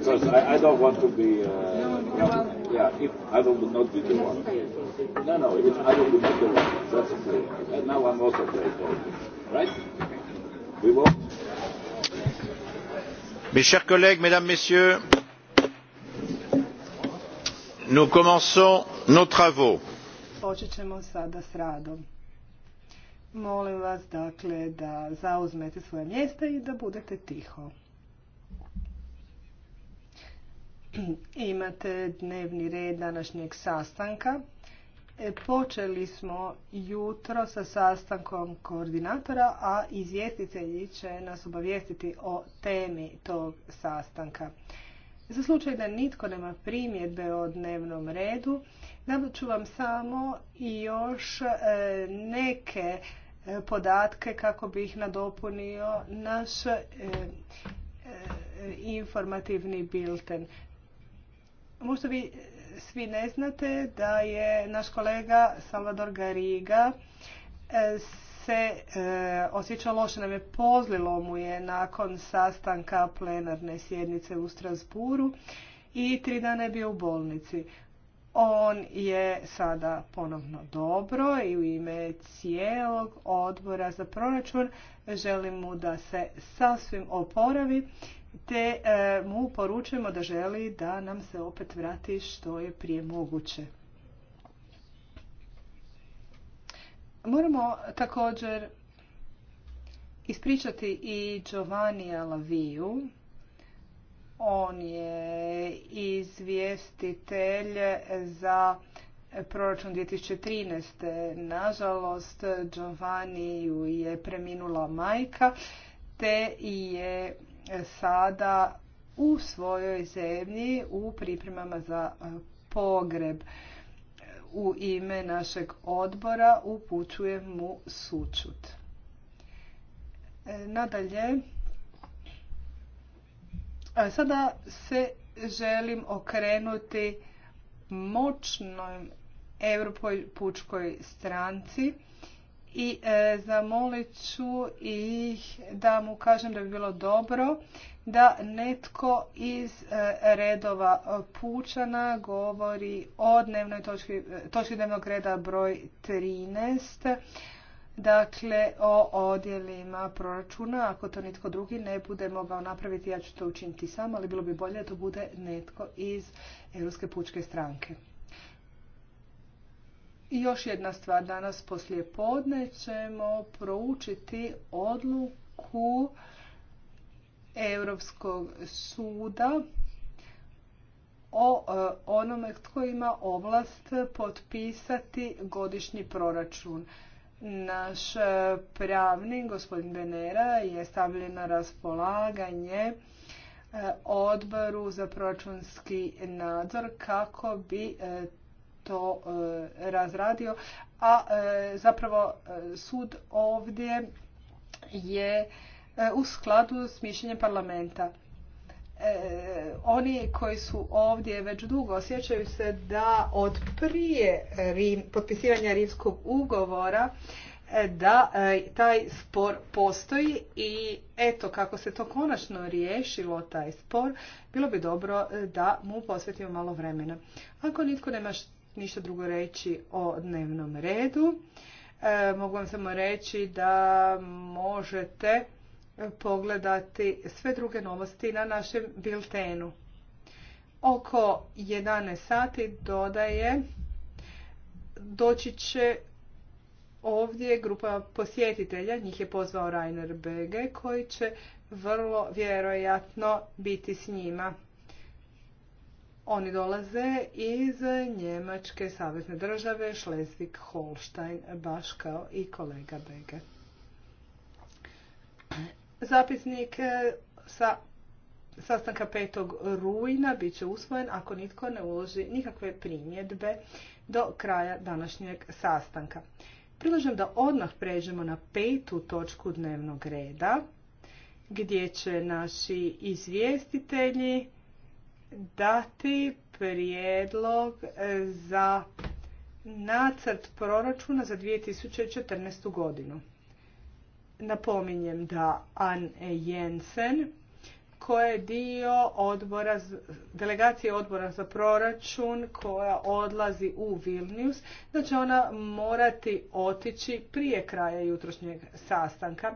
because I, I don't want to be. Uh, no, yeah, if Adam would not be the one. No, no, if Adam would not be the one, that's clear. And now I'm also afraid Right? We won't. Mes chers collègues, mesdames, messieurs, nous commençons nos travaux. Molim vas dakle da zauzmete svoje mjesta i da budete tiho. Imate dnevni red današnjeg sastanka. E, počeli smo jutro sa sastankom koordinatora, a izvjestitelji će nas obavijestiti o temi tog sastanka. Za slučaj da nitko nema primjedbe o dnevnom redu, dat ću vam samo i još e, neke e, podatke kako bih ih nadopunio naš informativni bilten. Možda vi eh, svi ne znate da je naš kolega Salvador Gariga eh, se eh, osjećao loše, nam je pozlilo mu je nakon sastanka plenarne sjednice u Strasburu i tri dana je bio u bolnici. On je sada ponovno dobro i u ime cijelog odbora za proračun želim mu da se sasvim oporavi te e, mu poručujemo da želi da nam se opet vrati što je prije moguće. Moramo također ispričati i Giovanni Laviju. On je izvjestitelj za proračun 2013. Nažalost, Giovanni je preminula majka te je sada u svojoj zemlji u pripremama za e, pogreb. U ime našeg odbora upućujem mu sučut. E, nadalje, e, sada se želim okrenuti moćnoj Europoj pučkoj stranci i e, zamolit ću ih da mu kažem da bi bilo dobro da netko iz e, redova e, Pučana govori o dnevnoj točki, točki dnevnog reda broj 13, dakle o odjelima proračuna. Ako to nitko drugi ne bude mogao napraviti, ja ću to učiniti sam, ali bilo bi bolje da to bude netko iz Europske pučke stranke. I još jedna stvar danas poslije podne ćemo proučiti odluku Europskog suda o e, onome tko ima ovlast potpisati godišnji proračun. Naš e, pravni, gospodin Benera, je stavljen na raspolaganje e, odboru za proračunski nadzor kako bi to e, razradio, a e, zapravo e, sud ovdje je u skladu s mišljenjem parlamenta. oni koji su ovdje već dugo osjećaju se da od prije potpisivanja rimskog ugovora da taj spor postoji i eto kako se to konačno riješilo taj spor bilo bi dobro da mu posvetimo malo vremena. Ako nitko nema ništa drugo reći o dnevnom redu. E, mogu vam samo reći da možete pogledati sve druge novosti na našem biltenu. Oko 11 sati dodaje doći će ovdje grupa posjetitelja, njih je pozvao Rainer Bege, koji će vrlo vjerojatno biti s njima. Oni dolaze iz Njemačke savezne države Šlesvik, holstein baš kao i kolega Bege. Zapisnik e, sa sastanka 5. rujna bit će usvojen ako nitko ne uloži nikakve primjedbe do kraja današnjeg sastanka. Priložem da odmah pređemo na petu točku dnevnog reda, gdje će naši izvjestitelji dati prijedlog e, za nacrt proračuna za 2014. godinu. Napominjem da Anne Jensen, koja je dio odbora, delegacije odbora za proračun koja odlazi u Vilnius, da će ona morati otići prije kraja jutrošnjeg sastanka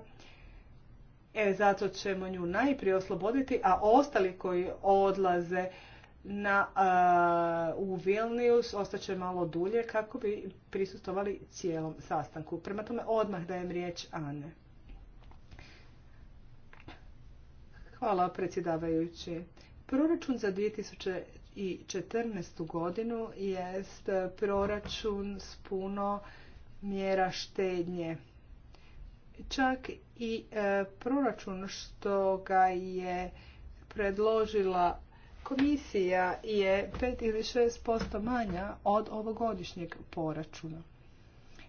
E, zato ćemo nju najprije osloboditi, a ostali koji odlaze na, u Vilnius ostaće malo dulje kako bi prisustovali cijelom sastanku. Prema tome odmah dajem riječ Ane. Hvala predsjedavajući. Proračun za 2014. godinu jest proračun s puno mjera štednje. Čak i e, proračun što ga je predložila komisija je 5 ili 6% manja od ovogodišnjeg poračuna.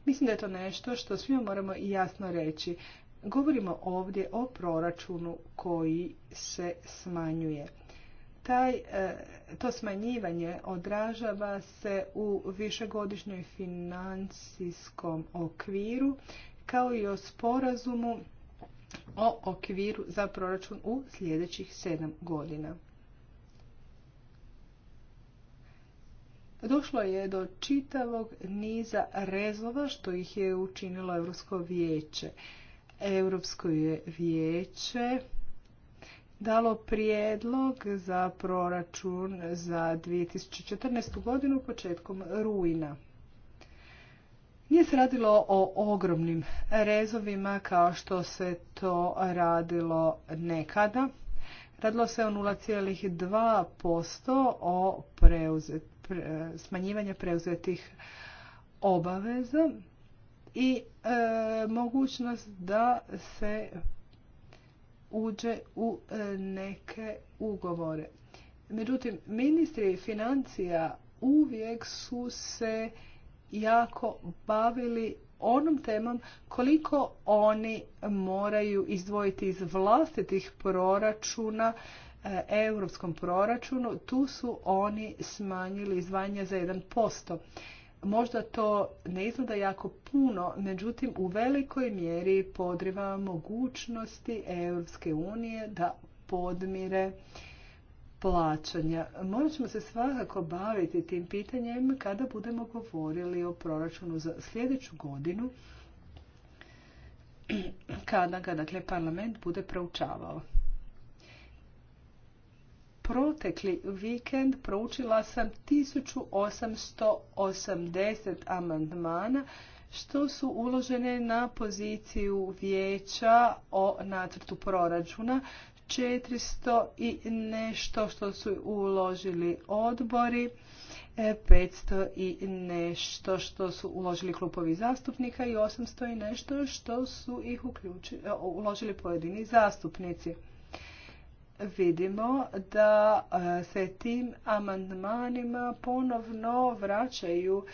Mislim da je to nešto što svi moramo jasno reći. Govorimo ovdje o proračunu koji se smanjuje. Taj, e, to smanjivanje odražava se u višegodišnjoj financijskom okviru kao i o sporazumu o okviru za proračun u sljedećih sedam godina. Došlo je do čitavog niza rezova što ih je učinilo Europsko vijeće. Europsko je vijeće dalo prijedlog za proračun za 2014. godinu početkom rujna. Nije se radilo o ogromnim rezovima kao što se to radilo nekada. Radilo se o 0,2% o preuzet, pre, smanjivanja preuzetih obaveza i e, mogućnost da se uđe u e, neke ugovore. Međutim, ministri financija uvijek su se jako bavili onom temom koliko oni moraju izdvojiti iz vlastitih proračuna eh, europskom proračunu, tu su oni smanjili izdvajanje za 1%. Možda to ne izgleda jako puno, međutim u velikoj mjeri podriva mogućnosti Europske unije da podmire plaćanja. Morat ćemo se svakako baviti tim pitanjem kada budemo govorili o proračunu za sljedeću godinu kada ga dakle, parlament bude proučavao. Protekli vikend proučila sam 1880 amandmana što su uložene na poziciju vijeća o nacrtu proračuna 400 i nešto što su uložili odbori, 500 e, i nešto što su uložili klubovi zastupnika i 800 i nešto što su ih e, uložili pojedini zastupnici. Vidimo da e, se tim amandmanima ponovno vraćaju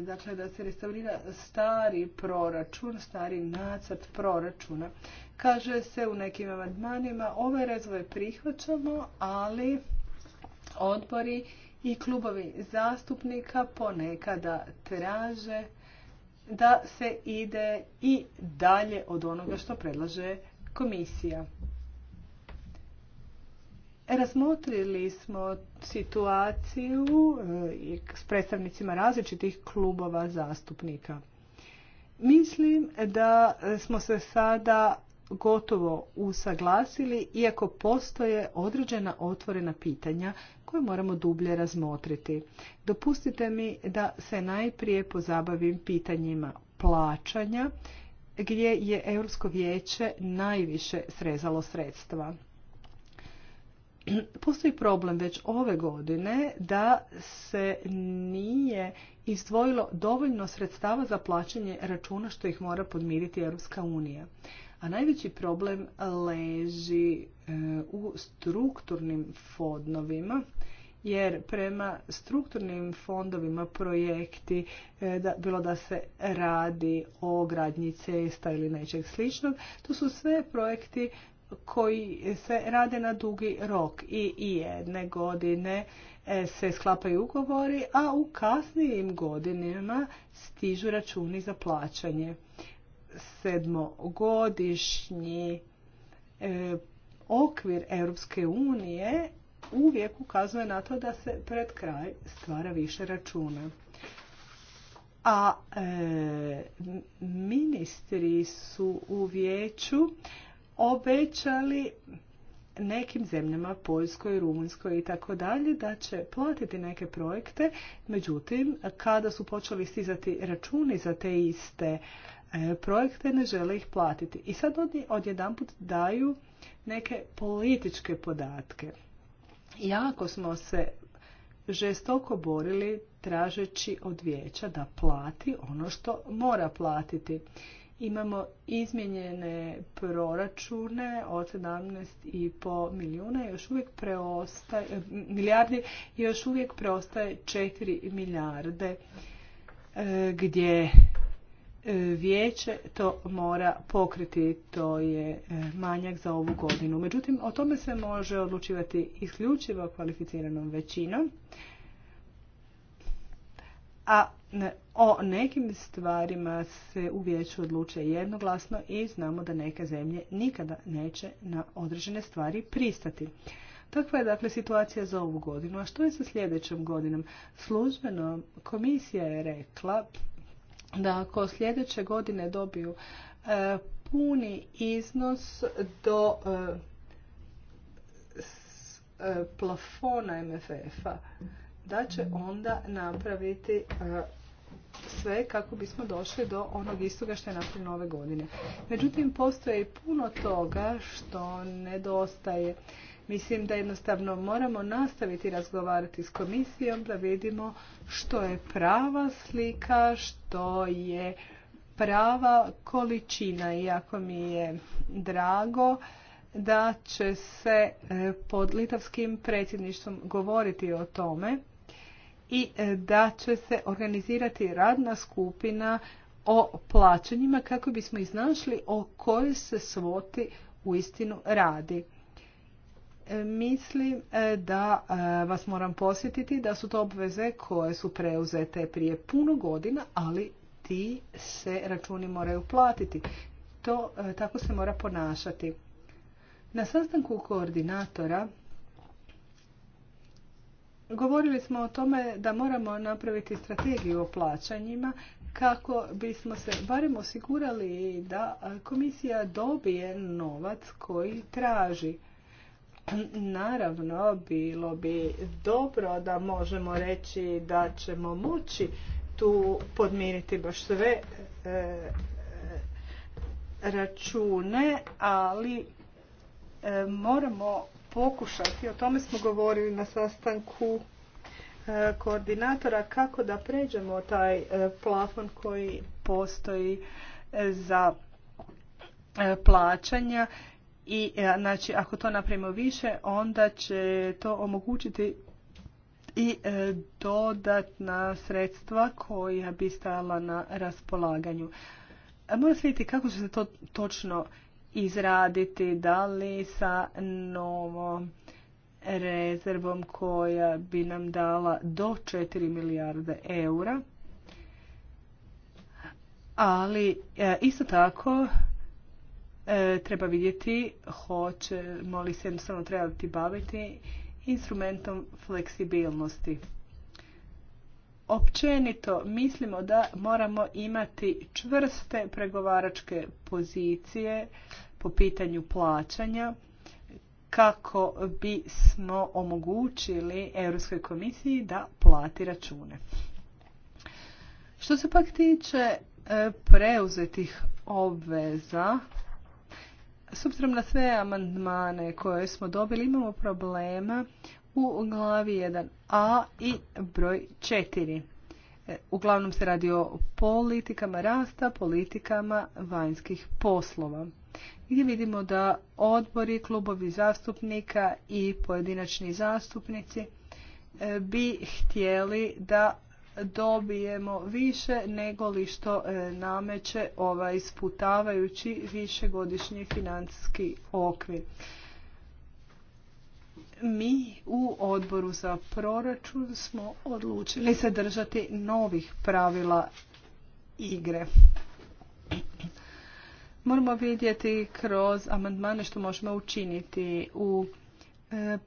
dakle da se restaurira stari proračun, stari nacrt proračuna. Kaže se u nekim amandmanima, ove ovaj razvoje prihvaćamo, ali odbori i klubovi zastupnika ponekada traže da se ide i dalje od onoga što predlaže komisija. Razmotrili smo situaciju e, s predstavnicima različitih klubova zastupnika. Mislim da smo se sada gotovo usaglasili, iako postoje određena otvorena pitanja koje moramo dublje razmotriti. Dopustite mi da se najprije pozabavim pitanjima plaćanja, gdje je Europsko vijeće najviše srezalo sredstva. Postoji problem već ove godine da se nije izdvojilo dovoljno sredstava za plaćanje računa što ih mora podmiriti Europska unija. A najveći problem leži e, u strukturnim fondovima jer prema strukturnim fondovima projekti, e, da, bilo da se radi o gradnji cesta ili nečeg sličnog, to su sve projekti koji se rade na dugi rok i, i jedne godine e, se sklapaju ugovori, a u kasnijim godinama stižu računi za plaćanje sedmogodišnji e, okvir Europske unije uvijek ukazuje na to da se pred kraj stvara više računa. A e, ministri su u vijeću obećali nekim zemljama, Poljskoj, Rumunjskoj i tako dalje, da će platiti neke projekte. Međutim, kada su počeli stizati računi za te iste E, projekte ne žele ih platiti. I sad oni odjedanput daju neke političke podatke. Jako smo se žestoko borili tražeći od vijeća da plati ono što mora platiti. Imamo izmjenjene proračune od 17,5 milijuna, još uvijek preostaje, milijardi, još uvijek preostaje 4 milijarde e, gdje vijeće to mora pokriti, to je e, manjak za ovu godinu. Međutim, o tome se može odlučivati isključivo kvalificiranom većinom, a o nekim stvarima se u vijeću odluče jednoglasno i znamo da neke zemlje nikada neće na određene stvari pristati. Takva je dakle situacija za ovu godinu. A što je sa sljedećom godinom? Službeno komisija je rekla da ako sljedeće godine dobiju e, puni iznos do e, e, plafona MFF-a, da će onda napraviti sve kako bismo došli do onog istoga što je napravljeno ove godine. Međutim, postoje i puno toga što nedostaje. Mislim da jednostavno moramo nastaviti razgovarati s komisijom da vidimo što je prava slika, što je prava količina. Iako mi je drago da će se e, pod litavskim predsjedništvom govoriti o tome i e, da će se organizirati radna skupina o plaćanjima kako bismo iznašli o kojoj se svoti u istinu radi. Mislim e, da e, vas moram posjetiti da su to obveze koje su preuzete prije puno godina, ali ti se računi moraju platiti. To e, tako se mora ponašati. Na sastanku koordinatora govorili smo o tome da moramo napraviti strategiju o plaćanjima kako bismo se barem osigurali da komisija dobije novac koji traži. Naravno, bilo bi dobro da možemo reći da ćemo moći tu podmiriti baš sve e, e, račune, ali e, moramo pokušati, o tome smo govorili na sastanku koordinatora, kako da pređemo taj plafon koji postoji za plaćanja i e, znači, ako to napravimo više, onda će to omogućiti i e, dodatna sredstva koja bi stala na raspolaganju. E, moram se vidjeti kako će se to točno izraditi, da li sa novom rezervom koja bi nam dala do 4 milijarde eura, ali isto tako E, treba vidjeti hoće moli se jednostavno trebati baviti instrumentom fleksibilnosti. Općenito mislimo da moramo imati čvrste pregovaračke pozicije po pitanju plaćanja kako bismo omogućili Europskoj komisiji da plati račune. Što se pak tiče e, preuzetih obveza, s obzirom na sve amandmane koje smo dobili, imamo problema u glavi 1a i broj 4. E, uglavnom se radi o politikama rasta, politikama vanjskih poslova. Gdje vidimo da odbori, klubovi zastupnika i pojedinačni zastupnici e, bi htjeli da dobijemo više nego li što e, nameće ovaj sputavajući višegodišnji financijski okvir. Mi u odboru za proračun smo odlučili se držati novih pravila igre. Moramo vidjeti kroz amandmane što možemo učiniti u e,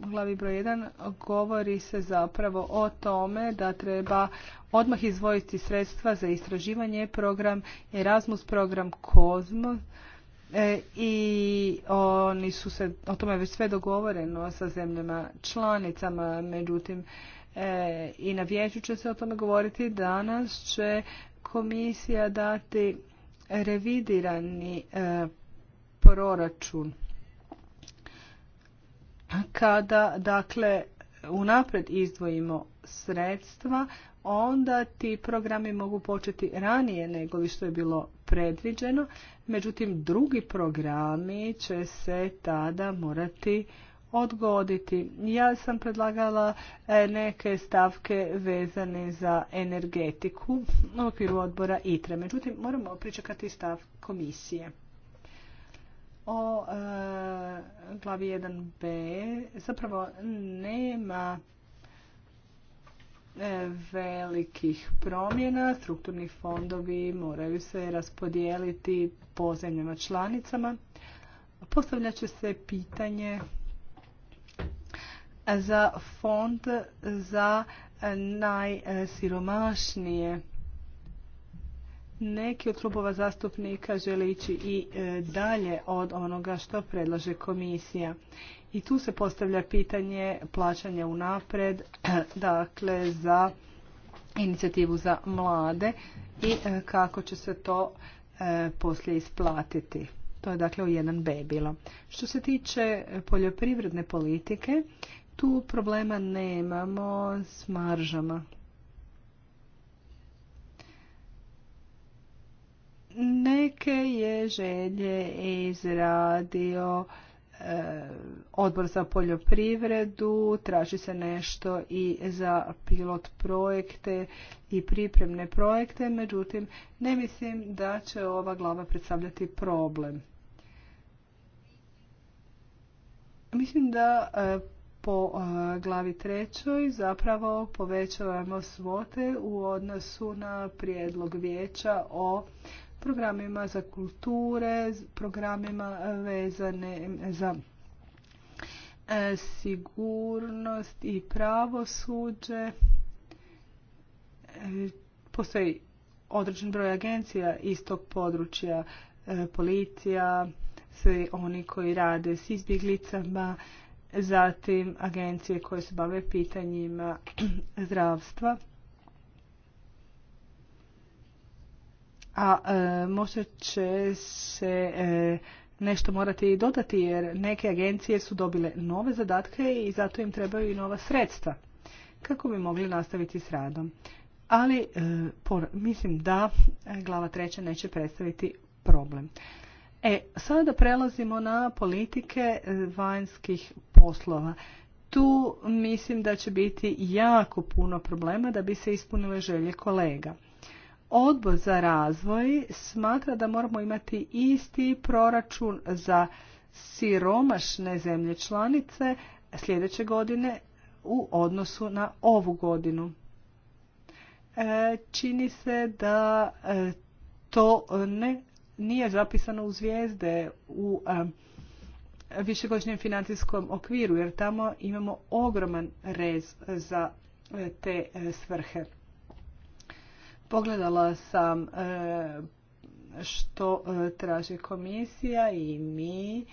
glavi broj 1 govori se zapravo o tome da treba odmah izvojiti sredstva za istraživanje program Erasmus program Kozmo e, i oni su se o tome već sve dogovoreno sa zemljama članicama međutim e, i na vijeću će se o tome govoriti danas će komisija dati revidirani e, proračun kada dakle unaprijed izdvojimo sredstva, onda ti programi mogu početi ranije nego li što je bilo predviđeno. Međutim, drugi programi će se tada morati odgoditi. Ja sam predlagala e, neke stavke vezane za energetiku u okviru odbora ITRE. Međutim, moramo pričekati stav komisije o e, glavi 1b zapravo nema e, velikih promjena. Strukturni fondovi moraju se raspodijeliti po zemljama članicama. Postavljat će se pitanje za fond za najsiromašnije neki od klubova zastupnika žele ići i e, dalje od onoga što predlaže komisija. I tu se postavlja pitanje plaćanja unapred, dakle za inicijativu za mlade i e, kako će se to e, poslije isplatiti. To je dakle u jedan b bilo. Što se tiče poljoprivredne politike, tu problema nemamo s maržama. Neke je želje izradio e, odbor za poljoprivredu, traži se nešto i za pilot projekte i pripremne projekte, međutim ne mislim da će ova glava predstavljati problem. Mislim da e, po e, glavi trećoj zapravo povećavamo svote u odnosu na prijedlog vijeća o programima za kulture, programima vezane za e, sigurnost i pravosuđe. E, postoji određen broj agencija iz tog područja, e, policija, svi oni koji rade s izbjeglicama, zatim agencije koje se bave pitanjima zdravstva. a e, možda će se e, nešto morati i dodati jer neke agencije su dobile nove zadatke i zato im trebaju i nova sredstva kako bi mogli nastaviti s radom. Ali e, por, mislim da e, glava treća neće predstaviti problem. E, sada prelazimo na politike vanjskih poslova. Tu mislim da će biti jako puno problema da bi se ispunile želje kolega. Odbor za razvoj smatra da moramo imati isti proračun za siromašne zemlje članice sljedeće godine u odnosu na ovu godinu. E, čini se da e, to ne, nije zapisano u zvijezde u e, višegodišnjem financijskom okviru, jer tamo imamo ogroman rez za te svrhe. Pogledala sam e, što e, traži komisija i mi.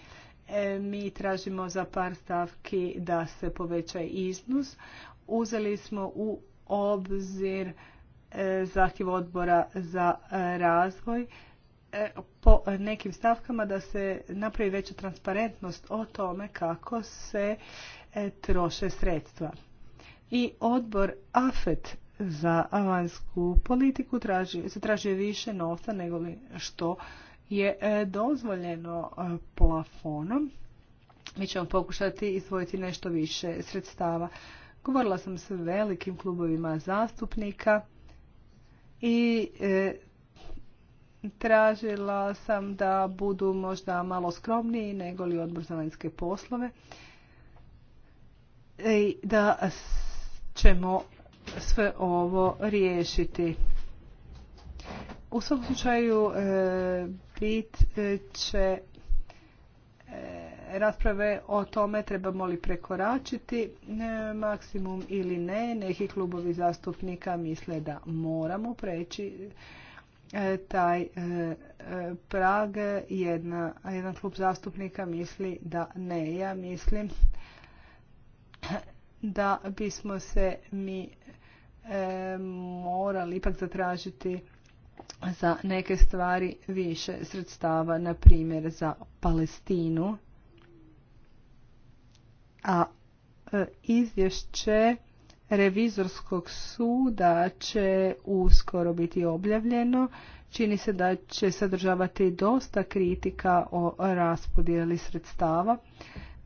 E, mi tražimo za par stavki da se poveća iznos. Uzeli smo u obzir zahtjev odbora za razvoj po nekim stavkama da se napravi veća transparentnost o tome kako se troše sredstva. I odbor AFET za vanjsku politiku se traži više novca nego li što je e, dozvoljeno e, plafonom. Mi ćemo pokušati izvojiti nešto više sredstava. Govorila sam s velikim klubovima zastupnika i e, tražila sam da budu možda malo skromniji nego li odbor za vanjske poslove i da ćemo sve ovo riješiti. U svakom slučaju e, bit e, će e, rasprave o tome trebamo li prekoračiti maksimum ili ne. Neki klubovi zastupnika misle da moramo preći taj prag. Jedna, jedan klub zastupnika misli da ne. Ja mislim da bismo se mi E, morali ipak zatražiti za neke stvari više sredstava, na primjer za Palestinu. A e, izvješće revizorskog suda će uskoro biti objavljeno. Čini se da će sadržavati dosta kritika o raspodjeli sredstava.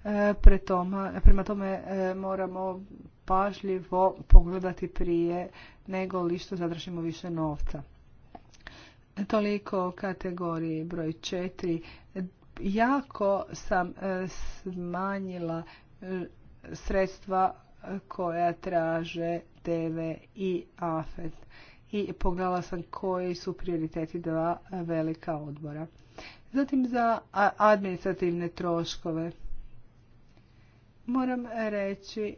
E, pre toma, prema tome moramo pažljivo pogledati prije nego li što zadržimo više novca. Toliko o kategoriji broj 4. Jako sam e, smanjila e, sredstva koja traže TV i AFET. I pogledala sam koji su prioriteti dva velika odbora. Zatim za administrativne troškove. Moram reći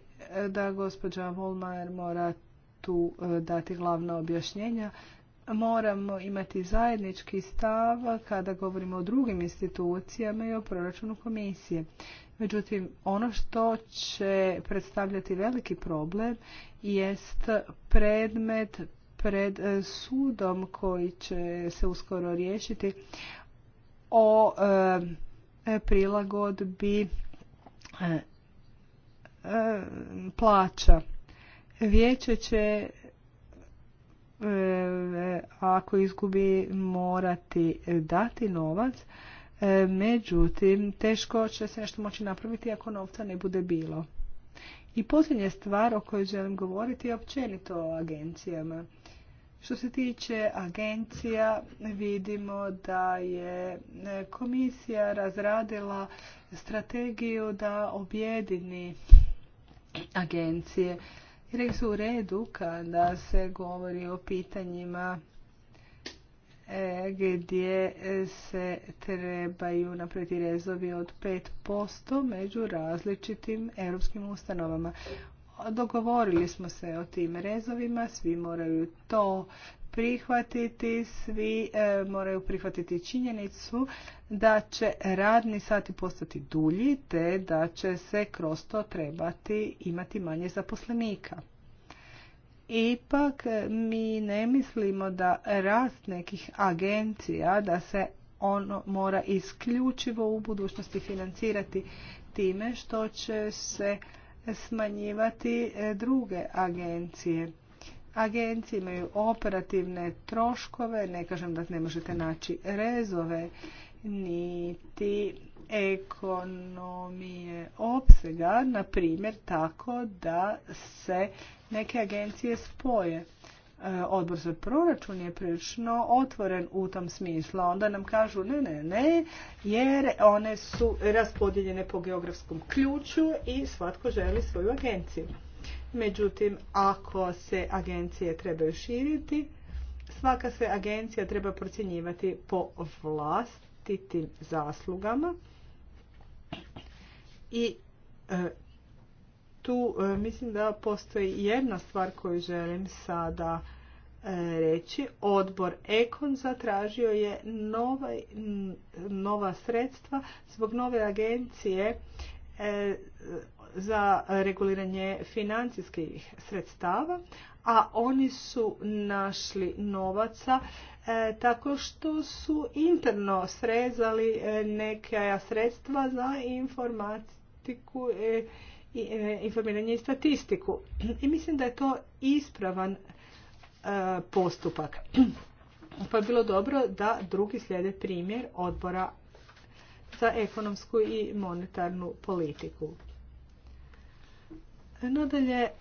da gospođa Volmajer mora tu e, dati glavna objašnjenja. Moramo imati zajednički stav kada govorimo o drugim institucijama i o proračunu komisije. Međutim, ono što će predstavljati veliki problem jest predmet pred e, sudom koji će se uskoro riješiti o e, prilagodbi E, plaća. Vijeće će e, ako izgubi morati dati novac, e, međutim teško će se nešto moći napraviti ako novca ne bude bilo. I posljednja stvar o kojoj želim govoriti je općenito o agencijama. Što se tiče agencija, vidimo da je komisija razradila strategiju da objedini agencije. I rekli su u redu kada se govori o pitanjima e, gdje se trebaju napraviti rezovi od 5% među različitim europskim ustanovama. Dogovorili smo se o tim rezovima, svi moraju to prihvatiti, svi e, moraju prihvatiti činjenicu da će radni sati postati dulji te da će se kroz to trebati imati manje zaposlenika. Ipak mi ne mislimo da rast nekih agencija, da se ono mora isključivo u budućnosti financirati time što će se smanjivati e, druge agencije. Agencije imaju operativne troškove, ne kažem da ne možete naći rezove, niti ekonomije opsega, na primjer tako da se neke agencije spoje. E, odbor za proračun je prilično otvoren u tom smislu. Onda nam kažu ne, ne, ne, jer one su raspodijeljene po geografskom ključu i svatko želi svoju agenciju. Međutim, ako se agencije trebaju širiti, svaka se agencija treba procjenjivati po vlastitim zaslugama i e, tu e, mislim da postoji jedna stvar koju želim sada e, reći. Odbor Ekon zatražio je nova sredstva zbog nove agencije za reguliranje financijskih sredstava, a oni su našli novaca e, tako što su interno srezali e, neka sredstva za informatiku e, i informiranje i statistiku. I mislim da je to ispravan postupak. Pa je bilo dobro da drugi slijede primjer odbora za ekonomsku i monetarnu politiku. Nadalje, e,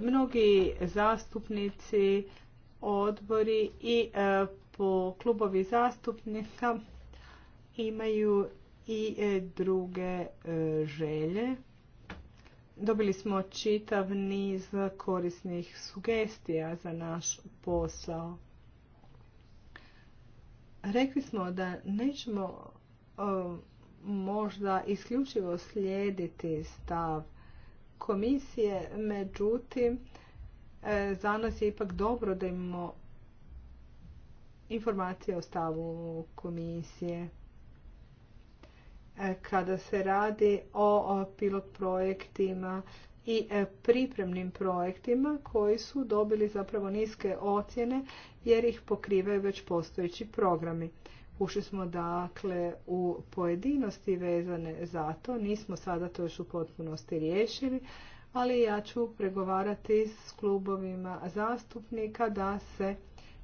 mnogi zastupnici, odbori i e, po klubovi zastupnika imaju i e, druge želje. Dobili smo čitav niz korisnih sugestija za naš posao. Rekli smo da nećemo možda isključivo slijediti stav komisije, međutim, e, za nas je ipak dobro da imamo informacije o stavu komisije e, kada se radi o pilot projektima i e, pripremnim projektima koji su dobili zapravo niske ocjene jer ih pokrivaju već postojeći programi. Ušli smo dakle u pojedinosti vezane za to, nismo sada to još u potpunosti riješili, ali ja ću pregovarati s klubovima zastupnika da se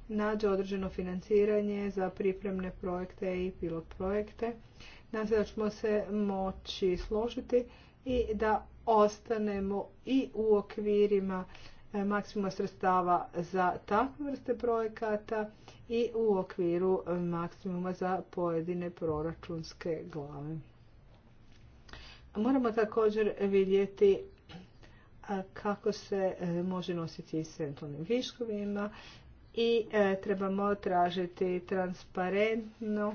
nađe određeno financiranje za pripremne projekte i pilot projekte. Nadam se da ćemo se moći složiti i da ostanemo i u okvirima E, maksimuma sredstava za takve vrste projekata i u okviru maksimuma za pojedine proračunske glave. Moramo također vidjeti e, kako se e, može nositi s eventualnim viškovima i trebamo tražiti transparentno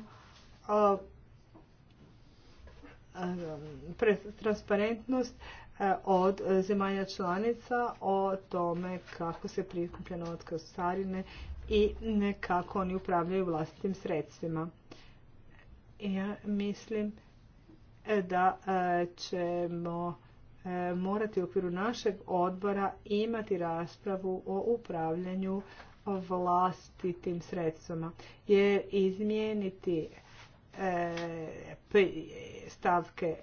transparentnost E, od zemalja članica o tome kako se prikuplja novac kroz carine i kako oni upravljaju vlastitim sredstvima. Ja mislim e, da e, ćemo morati u okviru našeg odbora imati raspravu o upravljanju vlastitim sredstvima. Jer izmijeniti stavke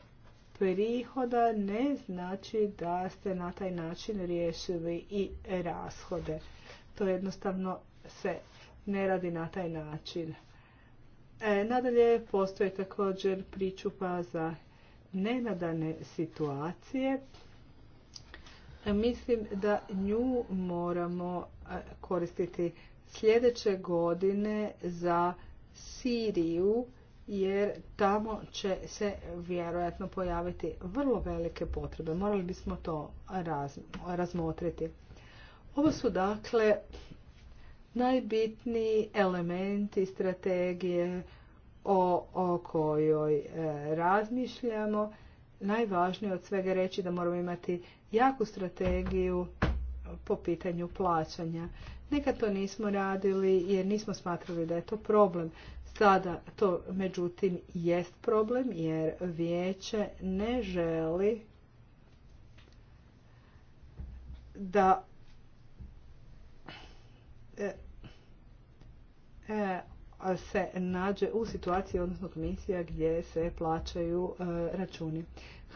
prihoda ne znači da ste na taj način riješili i rashode. To jednostavno se ne radi na taj način. E, nadalje postoje također pričupa za nenadane situacije. E, mislim da nju moramo e, koristiti sljedeće godine za Siriju jer tamo će se vjerojatno pojaviti vrlo velike potrebe. Morali bismo to razmotriti. Ovo su dakle najbitniji elementi strategije o, kojoj e, razmišljamo. Najvažnije od svega reći da moramo imati jaku strategiju po pitanju plaćanja. Nekad to nismo radili jer nismo smatrali da je to problem. Sada to međutim jest problem jer vijeće ne želi da e, e, se nađe u situaciji, odnosno komisija, gdje se plaćaju e, računi.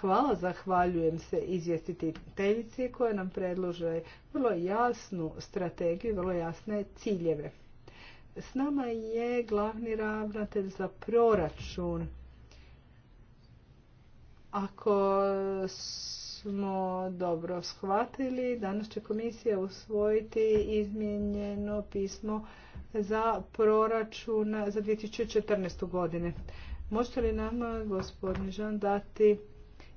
Hvala, zahvaljujem se izvjestiteljici koja nam predlože vrlo jasnu strategiju, vrlo jasne ciljeve. S nama je glavni ravnatelj za proračun. Ako smo dobro shvatili, danas će komisija usvojiti izmijenjeno pismo za proračun za 2014. godine. Možete li nam, gospodin Žan, dati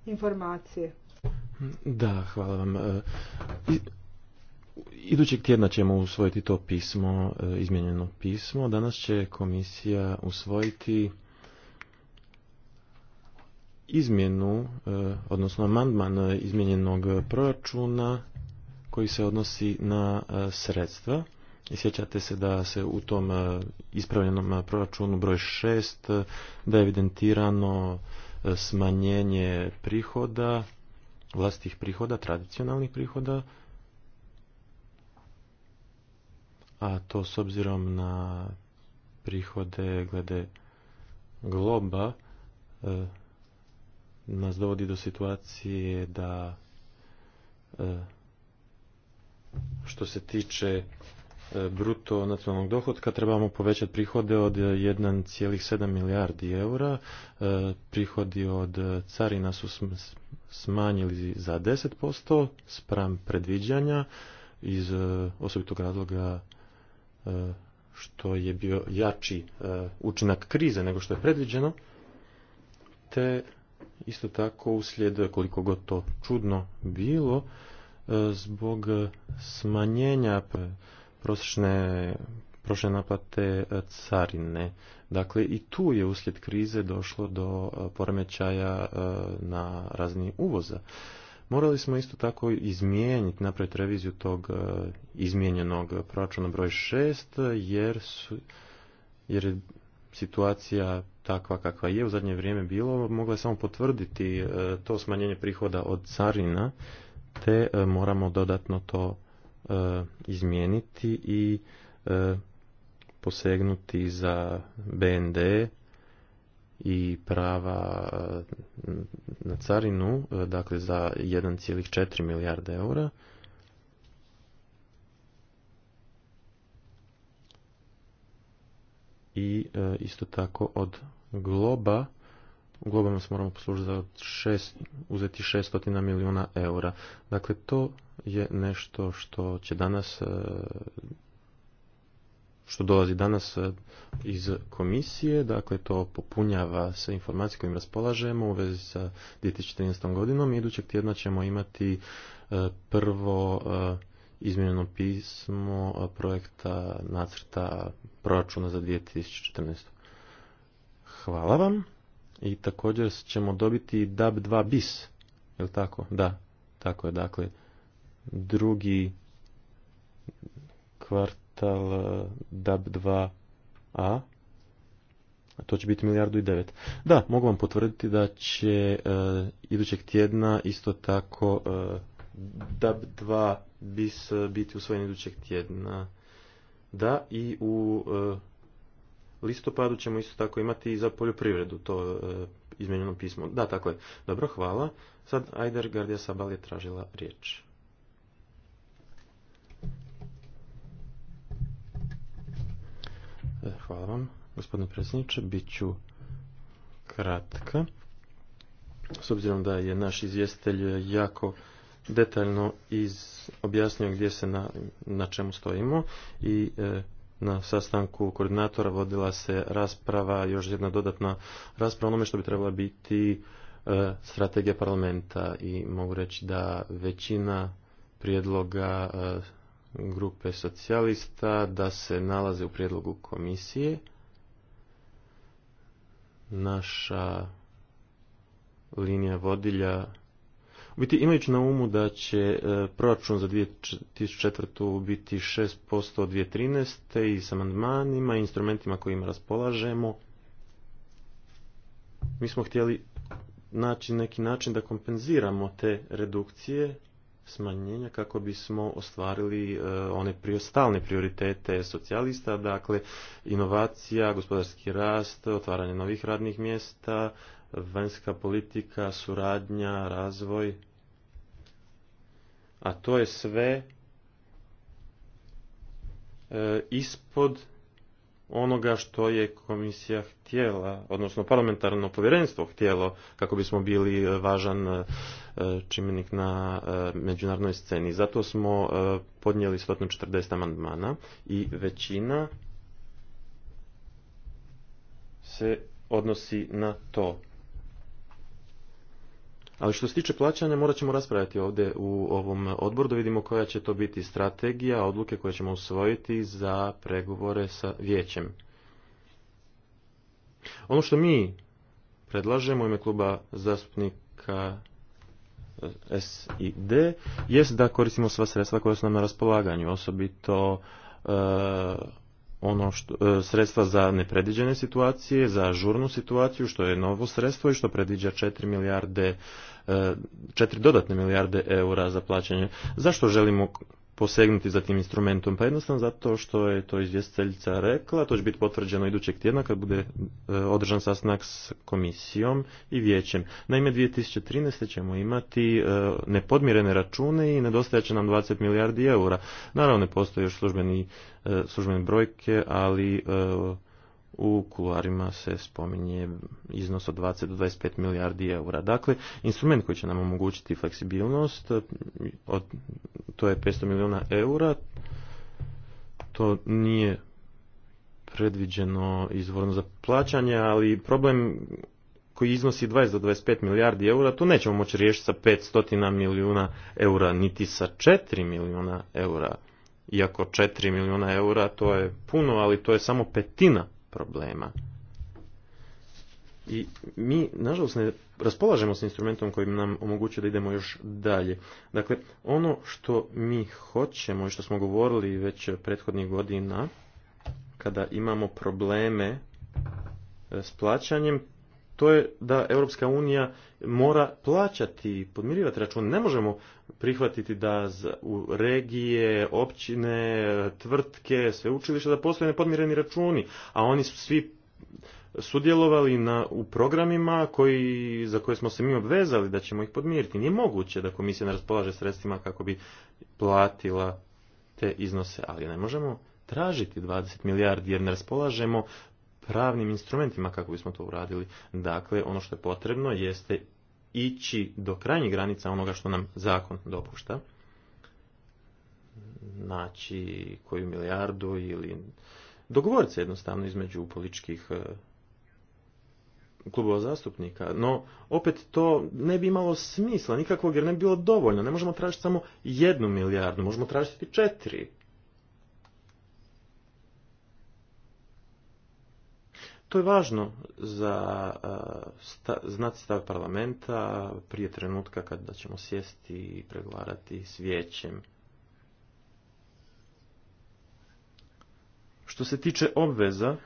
informacije? Da, hvala vam. E, Idućeg tjedna ćemo usvojiti to pismo, e, izmijenjeno pismo. Danas će komisija usvojiti izmjenu, e, odnosno amandman e, izmijenjenog proračuna koji se odnosi na sredstva. I sjećate se da se u tom ispravljenom proračunu broj 6 da je evidentirano smanjenje prihoda, vlastih prihoda, tradicionalnih prihoda a to s obzirom na prihode glede globa e, nas dovodi do situacije da e, što se tiče e, bruto nacionalnog dohotka trebamo povećati prihode od 1,7 milijardi eura. Prihodi od carina su smanjili za 10% spram predviđanja iz osobitog razloga E, što je bio jači e, učinak krize nego što je predviđeno, te isto tako uslijed koliko god to čudno bilo, e, zbog smanjenja prosječne prošle naplate carine. Dakle, i tu je uslijed krize došlo do poremećaja na razni uvoza. Morali smo isto tako izmijeniti, napraviti reviziju tog e, izmijenjenog e, proračuna broj 6, jer, su, jer je situacija takva kakva je u zadnje vrijeme bilo, mogla je samo potvrditi e, to smanjenje prihoda od carina, te moramo dodatno to izmijeniti i posegnuti za BND i prava eh, na carinu, eh, dakle za 1,4 milijarde eura. I eh, isto tako od globa, u globama se moramo poslužiti za šest, uzeti 600 milijuna eura. Dakle, to je nešto što će danas što dolazi danas e, iz komisije, dakle to popunjava sa informacije kojim raspolažemo u vezi sa 2013. godinom. Idućeg tjedna ćemo imati e, prvo e, izmjenjeno pismo projekta nacrta proračuna za 2014. Hvala vam. I također ćemo dobiti DAB 2 bis. Je tako? Da, tako je. Dakle, drugi kvart Eh, DAB2A, to će biti milijardu i devet. Da, mogu vam potvrditi da će eh, idućeg tjedna isto tako e, eh, 2 bis biti usvojen idućeg tjedna. Da, i u listopadu ćemo isto tako imati i za poljoprivredu to izmijenjeno pismo. Da, tako je. Dobro, hvala. Sad Ajder Gardija Sabal je tražila riječ. E, hvala vam, gospodine predsjedniče. Biću kratka. S obzirom da je naš izvjestitelj jako detaljno iz, objasnio gdje se na, čemu stojimo i e, na sastanku koordinatora vodila se rasprava, još jedna dodatna rasprava onome što bi trebala biti e, strategija parlamenta i mogu reći da većina prijedloga grupe socijalista da se nalaze u prijedlogu komisije. Naša linija vodilja biti imajući na umu da će e, proračun za 2004. biti 6% od 2013. i s amandmanima i instrumentima kojima raspolažemo, mi smo htjeli naći neki način da kompenziramo te redukcije smanjenja kako bismo ostvarili e, one stalne prioritete socijalista, dakle inovacija, gospodarski rast, otvaranje novih radnih mjesta, vanjska politika, suradnja, razvoj. A to je sve e, ispod onoga što je komisija htjela, odnosno parlamentarno povjerenstvo htjelo kako bismo bili e, važan E, čimenik na e, međunarnoj sceni. Zato smo e, podnijeli 140 amandmana i većina se odnosi na to. Ali što se tiče plaćanja, morat ćemo raspraviti ovdje u ovom odboru da vidimo koja će to biti strategija, odluke koje ćemo usvojiti za pregovore sa vijećem. Ono što mi predlažemo u ime kluba zastupnika s i D, jest da koristimo sva sredstva koja su nam na raspolaganju, osobito e, ono što, e, sredstva za nepredviđene situacije, za žurnu situaciju, što je novo sredstvo i što predviđa 4 milijarde, 4 e, dodatne milijarde eura za plaćanje. Zašto želimo posegnuti za tim instrumentom? Pa jednostavno zato što je to izvjestiteljica rekla, to će biti potvrđeno idućeg tjedna kad bude e, održan sastanak s komisijom i vijećem. Naime, 2013. ćemo imati e, nepodmirene račune i će nam 20 milijardi eura. Naravno ne postoje još službeni, e, službene brojke, ali u kularima se spominje iznos od 20 do 25 milijardi eura. Dakle, instrument koji će nam omogućiti fleksibilnost, od, to je 500 milijuna eura, to nije predviđeno izvorno za plaćanje, ali problem koji iznosi 20 do 25 milijardi eura, to nećemo moći riješiti sa 500 milijuna eura, niti sa 4 milijuna eura. Iako 4 milijuna eura to je puno, ali to je samo petina problema. I mi, nažalost, ne raspolažemo s instrumentom koji nam omogućuje da idemo još dalje. Dakle, ono što mi hoćemo i što smo govorili već prethodnih godina, kada imamo probleme s plaćanjem, to je da Europska unija mora plaćati i podmirivati račun. Ne možemo prihvatiti da u regije, općine, tvrtke, sveučilišta da postoje nepodmireni računi, a oni su svi sudjelovali na, u programima koji, za koje smo se mi obvezali da ćemo ih podmiriti. Nije moguće da komisija ne raspolaže sredstvima kako bi platila te iznose, ali ne možemo tražiti 20 milijardi jer ne raspolažemo pravnim instrumentima kako bismo to uradili. Dakle, ono što je potrebno jeste ići do krajnjih granica onoga što nam zakon dopušta. Naći koju milijardu ili dogovoriti se jednostavno između političkih e, klubova zastupnika, no opet to ne bi imalo smisla nikakvog jer ne bi bilo dovoljno. Ne možemo tražiti samo jednu milijardu, možemo tražiti četiri. To je važno za sta, znati stav parlamenta prije trenutka kada ćemo sjesti i pregovarati s vijećem. Što se tiče obveza,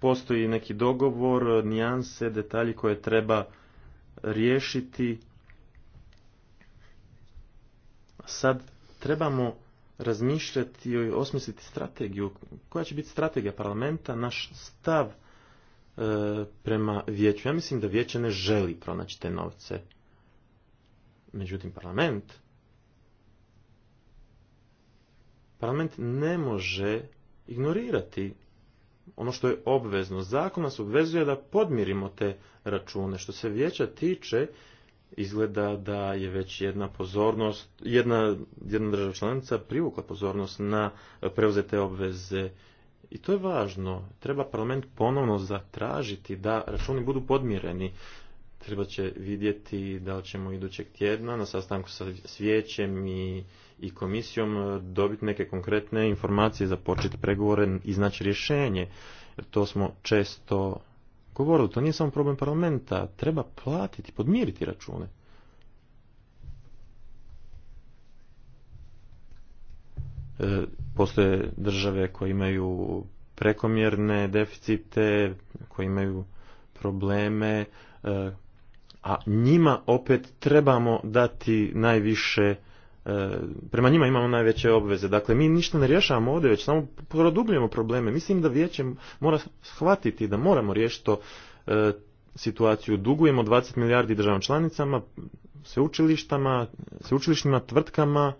postoji neki dogovor, nijanse, detalji koje treba riješiti. Sad trebamo razmišljati i osmisliti strategiju. Koja će biti strategija parlamenta, naš stav e, prema vijeću? Ja mislim da vijeće ne želi pronaći te novce. Međutim, parlament parlament ne može ignorirati ono što je obvezno. Zakon nas obvezuje da podmirimo te račune. Što se vijeća tiče, izgleda da je već jedna pozornost, jedna, jedna država članica privukla pozornost na preuzete obveze i to je važno. Treba parlament ponovno zatražiti da računi budu podmireni. Treba će vidjeti da li ćemo idućeg tjedna na sastanku sa svijećem i, i komisijom dobiti neke konkretne informacije, započeti pregovore i znači rješenje. To smo često govorili, to nije samo problem parlamenta, treba platiti, podmiriti račune. E, postoje države koje imaju prekomjerne deficite, koje imaju probleme, e, a njima opet trebamo dati najviše E, prema njima imamo najveće obveze. Dakle, mi ništa ne rješavamo ovdje, već samo produbljujemo probleme. Mislim da vijeće mora shvatiti da moramo riješiti to e, situaciju. Dugujemo 20 milijardi državama članicama, sveučilištama, sveučilištima, tvrtkama.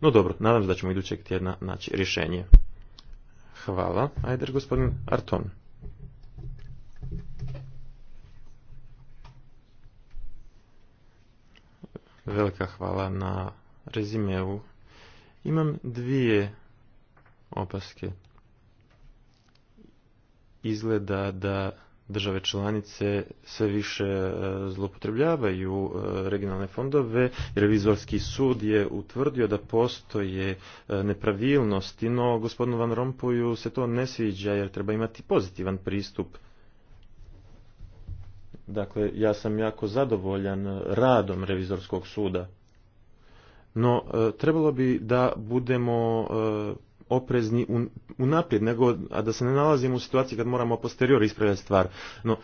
No dobro, nadam se da ćemo idućeg tjedna naći rješenje. Hvala. Ajde, gospodin Arton. Velika hvala na rezimeu. Imam dvije opaske. Izgleda da države članice sve više e, zloupotrebljavaju e, regionalne fondove. Revizorski sud je utvrdio da postoje e, nepravilnosti, no gospodinu Van Rompuju se to ne sviđa jer treba imati pozitivan pristup. Dakle, ja sam jako zadovoljan radom revizorskog suda no e, trebalo bi da budemo e, oprezni unaprijed, nego a da se ne nalazimo u situaciji kad moramo posterior ispravljati stvar. No,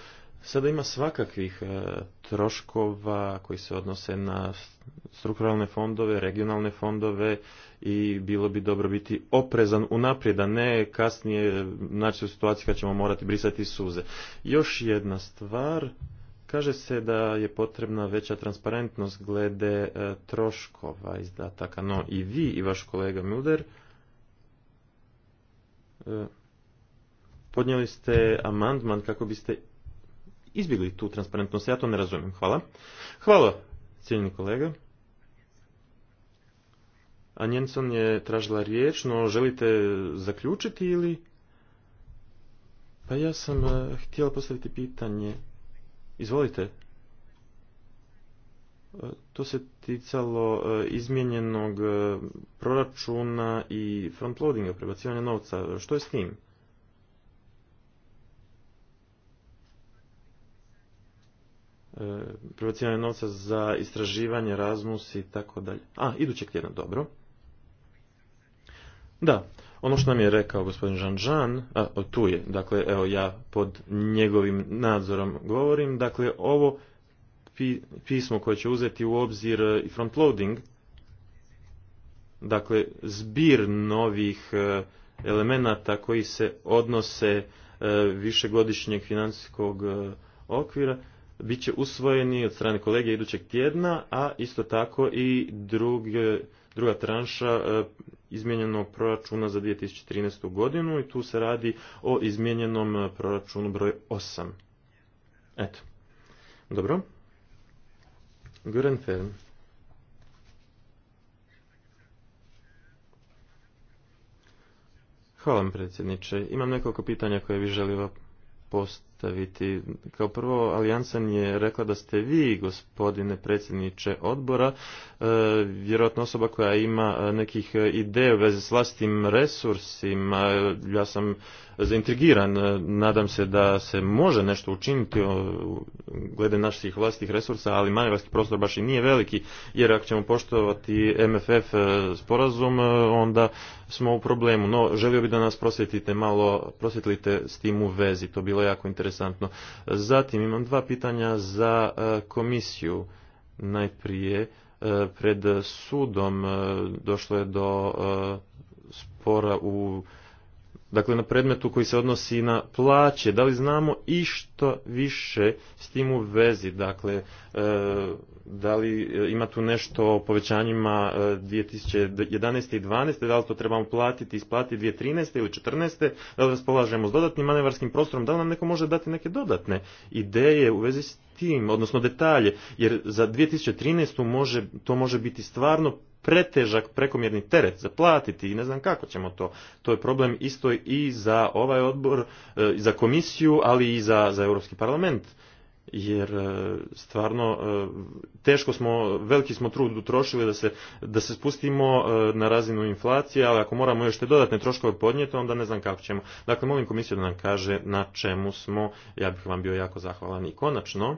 sada ima svakakvih e, troškova koji se odnose na strukturalne fondove, regionalne fondove i bilo bi dobro biti oprezan unaprijed, a ne kasnije naći u situaciji kad ćemo morati brisati suze. Još jedna stvar, Kaže se da je potrebna veća transparentnost glede e, troškova izdataka, no i vi i vaš kolega Mulder e, podnijeli ste amandman kako biste izbjegli tu transparentnost. Ja to ne razumijem. Hvala. Hvala, cijeljeni kolega. A Njenson je tražila riječ, no želite zaključiti ili... Pa ja sam e, htjela postaviti pitanje Izvolite. E, to se ticalo e, izmijenjenog e, proračuna i frontloadinga, prebacivanja novca. Što je s tim? Prebacivanje novca za istraživanje, razmus i tako dalje. A, idućeg tjedna, dobro. Da, ono što nam je rekao gospodin Žan jean a, tu je, dakle, evo ja pod njegovim nadzorom govorim, dakle, ovo pismo koje će uzeti u obzir e, i frontloading, dakle, zbir novih e, elemenata koji se odnose e, višegodišnjeg financijskog okvira, bit će usvojeni od strane kolege idućeg tjedna, a isto tako i druge druga tranša e, izmijenjenog proračuna za 2013. godinu i tu se radi o izmijenjenom e, proračunu broj 8. Eto. Dobro. Hvala vam predsjedniče. Imam nekoliko pitanja koje vi želim postaviti nastaviti. Kao prvo, Alijansan je rekla da ste vi, gospodine predsjedniče odbora, e, vjerojatno osoba koja ima e, nekih e, ideje u vezi s vlastitim resursima. Ja sam zaintrigiran. E, nadam se da se može nešto učiniti glede naših vlastitih resursa, ali manevarski prostor baš i nije veliki, jer ako ćemo poštovati MFF e, sporazum, e, onda smo u problemu. No, želio bi da nas prosvjetite malo, prosjetlite s tim u vezi, to bilo jako interesantno. Zatim imam dva pitanja za komisiju. Najprije, pred sudom došlo je do spora u dakle na predmetu koji se odnosi na plaće, da li znamo išto više s tim u vezi, dakle e, da li e, ima tu nešto o povećanjima 2011. E, i 2012. da li to trebamo platiti, isplatiti 2013. ili 2014. da li raspolažemo s dodatnim manevarskim prostorom, da li nam neko može dati neke dodatne ideje u vezi s tim, odnosno detalje, jer za 2013. Može, to može biti stvarno pretežak prekomjerni teret za platiti i ne znam kako ćemo to. To je problem isto i za ovaj odbor, e, za komisiju, ali i za, za Europski parlament. Jer e, stvarno e, teško smo, veliki smo trud utrošili da se, da se spustimo na razinu inflacije, ali ako moramo još te dodatne troškove podnijeti, onda ne znam kako ćemo. Dakle, molim komisiju da nam kaže na čemu smo, ja bih vam bio jako zahvalan. I konačno,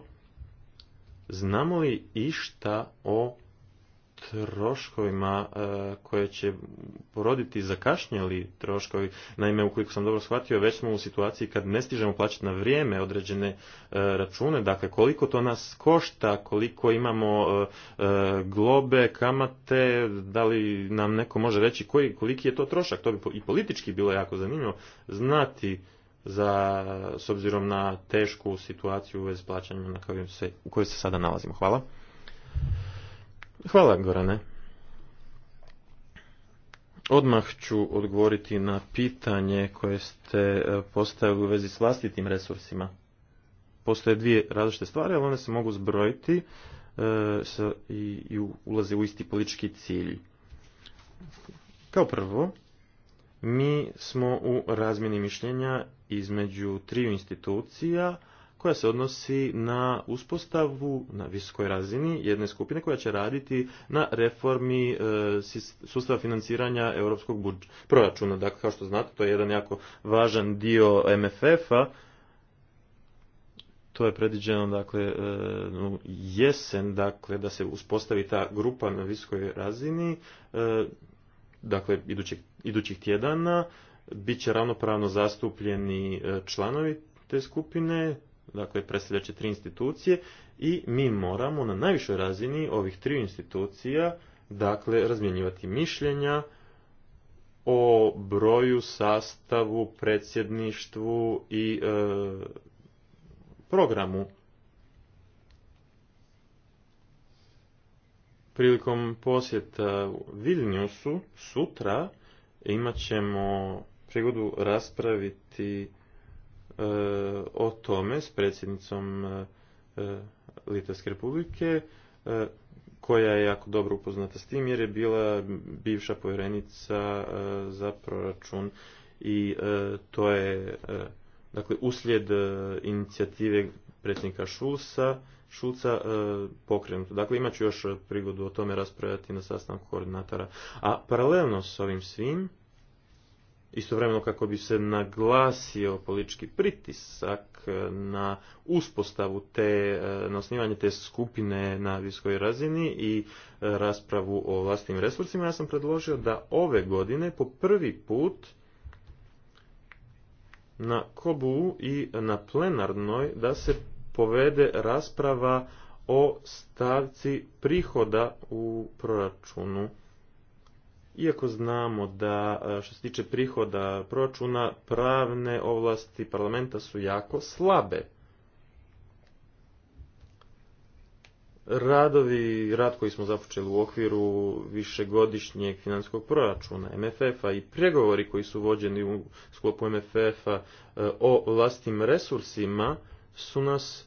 znamo li išta o troškovima e, koje će poroditi zakašnjeli troškovi. Naime, ukoliko sam dobro shvatio, već smo u situaciji kad ne stižemo plaćati na vrijeme određene e, račune. Dakle, koliko to nas košta, koliko imamo e, globe, kamate, da li nam neko može reći koji, koliki je to trošak. To bi i politički bilo jako zanimljivo znati za, s obzirom na tešku situaciju u vezi plaćanja na kojoj se, u kojoj se sada nalazimo. Hvala. Hvala, Gorane. Odmah ću odgovoriti na pitanje koje ste e, postavili u vezi s vlastitim resursima. Postoje dvije različite stvari, ali one se mogu zbrojiti e, i ulaze u isti politički cilj. Kao prvo, mi smo u razmjeni mišljenja između triju institucija, koja se odnosi na uspostavu na visokoj razini jedne skupine koja će raditi na reformi e, sustava financiranja europskog proračuna. Dakle, kao što znate, to je jedan jako važan dio MFF-a. To je predviđeno dakle, e, jesen dakle, da se uspostavi ta grupa na visokoj razini e, dakle, idućih, idućih tjedana. Biće ravnopravno zastupljeni članovi te skupine, dakle predstavlja tri institucije i mi moramo na najvišoj razini ovih tri institucija dakle razmjenjivati mišljenja o broju, sastavu, predsjedništvu i e, programu. Prilikom posjeta u Vilniusu sutra imat ćemo prigodu raspraviti E, o tome s predsjednicom e, e, Litavske republike koja je jako dobro upoznata s tim jer je bila bivša povjerenica za proračun i to je dakle uslijed inicijative predsjednika Šulsa Šulca pokrenuto. Dakle, imat ću još prigodu o tome raspravljati na sastanku koordinatora. A paralelno s ovim svim, istovremeno kako bi se naglasio politički pritisak e, na uspostavu te, e, na osnivanje te skupine na viskoj razini i e, raspravu o vlastnim resursima, ja sam predložio da ove godine po prvi put na Kobu i na plenarnoj da se povede rasprava o stavci prihoda u proračunu iako znamo da e, što se tiče prihoda proračuna, pravne ovlasti parlamenta su jako slabe. Radovi, rad koji smo započeli u okviru višegodišnjeg finanskog proračuna MFF-a i pregovori koji su vođeni u sklopu MFF-a e, o vlastim resursima su nas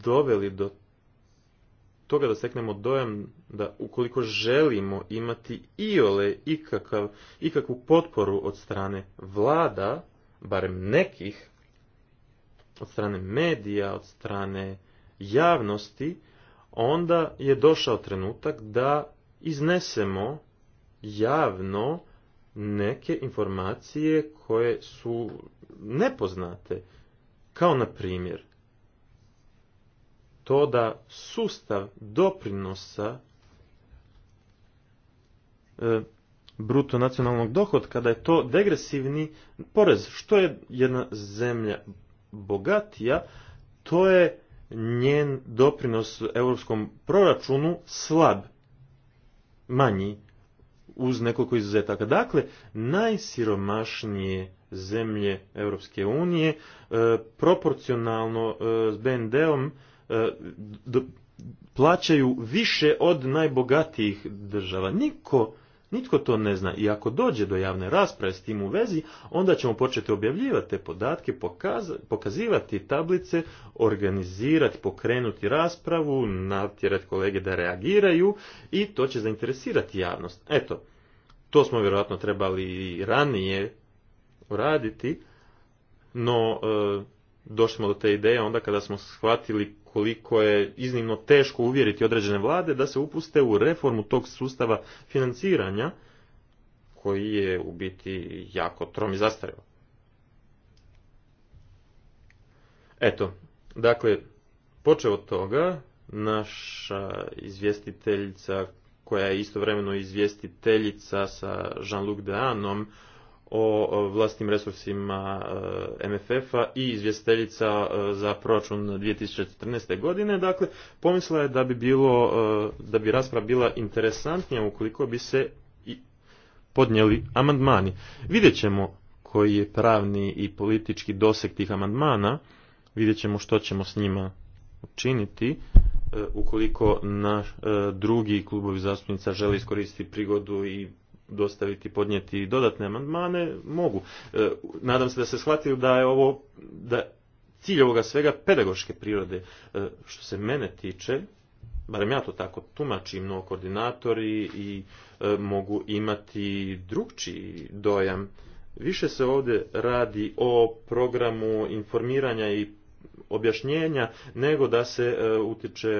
doveli do toga da steknemo dojam da ukoliko želimo imati iole ikakav, ikakvu potporu od strane vlada, barem nekih, od strane medija, od strane javnosti, onda je došao trenutak da iznesemo javno neke informacije koje su nepoznate. Kao na primjer, to da sustav doprinosa e, bruto nacionalnog dohotka, da je to degresivni porez. Što je jedna zemlja bogatija, to je njen doprinos europskom proračunu slab, manji, uz nekoliko izuzetaka. Dakle, najsiromašnije zemlje Europske unije e, proporcionalno e, s BND-om E, plaćaju više od najbogatijih država. Niko, nitko to ne zna i ako dođe do javne rasprave s tim u vezi, onda ćemo početi objavljivati te podatke, pokazivati tablice, organizirati, pokrenuti raspravu, natjerati kolege da reagiraju i to će zainteresirati javnost. Eto, to smo vjerojatno trebali i ranije raditi, no e, došli smo do te ideje onda kada smo shvatili koliko je iznimno teško uvjeriti određene vlade da se upuste u reformu tog sustava financiranja koji je u biti jako trom i zastareo. Eto, dakle, počeo od toga, naša izvjestiteljica koja je istovremeno izvjestiteljica sa Jean-Luc Deanom o vlastnim resursima e, MFF-a i izvjesteljica e, za proračun 2014. godine. Dakle, pomisla je da bi, bilo, e, da bi rasprava bila interesantnija ukoliko bi se podnijeli amandmani. Vidjet ćemo koji je pravni i politički doseg tih amandmana, vidjet ćemo što ćemo s njima učiniti ukoliko naš drugi klubovi zastupnica žele iskoristiti prigodu i dostaviti, podnijeti dodatne amandmane, mogu. E, nadam se da se shvatio da je ovo, da cilj ovoga svega pedagoške prirode. E, što se mene tiče, barem ja to tako tumačim, mnogo koordinatori i e, mogu imati drugčiji dojam. Više se ovdje radi o programu informiranja i objašnjenja, nego da se e, utječe,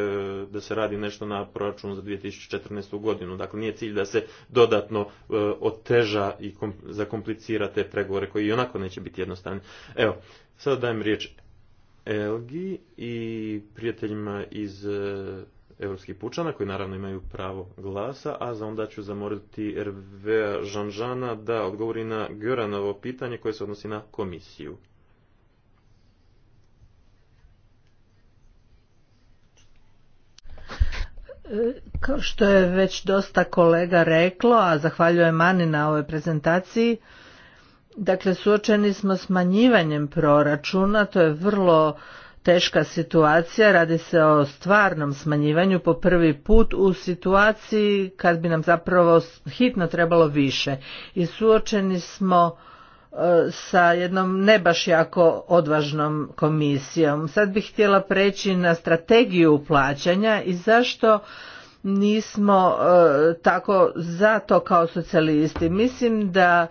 da se radi nešto na proračun za 2014. godinu. Dakle, nije cilj da se dodatno e, oteža i zakomplicira te pregovore koji i onako neće biti jednostavni. Evo, sada dajem riječ Elgi i prijateljima iz e, europskih pučana koji naravno imaju pravo glasa, a za onda ću zamoriti Rvea Žanžana da odgovori na Göranovo pitanje koje se odnosi na komisiju. Kao što je već dosta kolega reklo, a zahvaljujem Ani na ovoj prezentaciji, dakle suočeni smo smanjivanjem proračuna, to je vrlo teška situacija, radi se o stvarnom smanjivanju po prvi put u situaciji kad bi nam zapravo hitno trebalo više. I suočeni smo sa jednom ne baš jako odvažnom komisijom. Sad bih htjela preći na strategiju plaćanja i zašto nismo e, tako za to kao socijalisti. Mislim da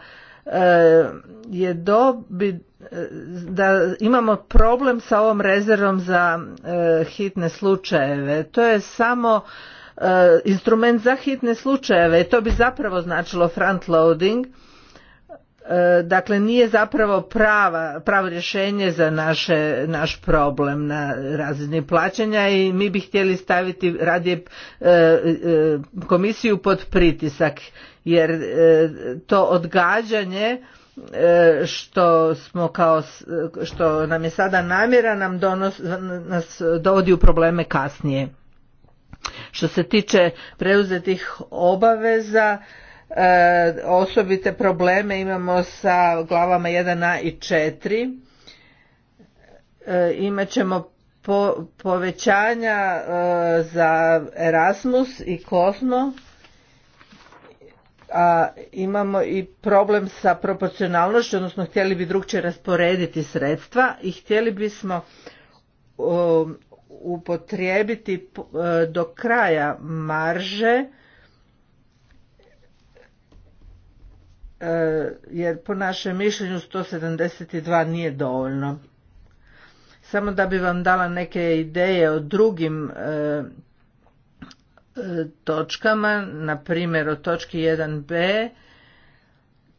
e, je dobi e, da imamo problem sa ovom rezervom za hitne slučajeve. To je samo instrument za hitne slučajeve i to bi zapravo značilo front loading E, dakle nije zapravo prava, pravo rješenje za naše, naš problem na razini plaćanja i mi bi htjeli staviti radije e, e, komisiju pod pritisak jer to odgađanje što smo kao što nam je sada namjera nam donos, nas dovodi u probleme kasnije. Što se tiče preuzetih obaveza E, osobite probleme imamo sa glavama 1a i 4. E, imat ćemo povećanja e, za Erasmus i Kosmo a imamo i problem sa proporcionalnošću, odnosno htjeli bi drugčije rasporediti sredstva i htjeli bismo upotrijebiti do kraja marže E, jer po našem mišljenju 172 nije dovoljno. Samo da bi vam dala neke ideje o drugim e, e, točkama, na primjer o točki 1b,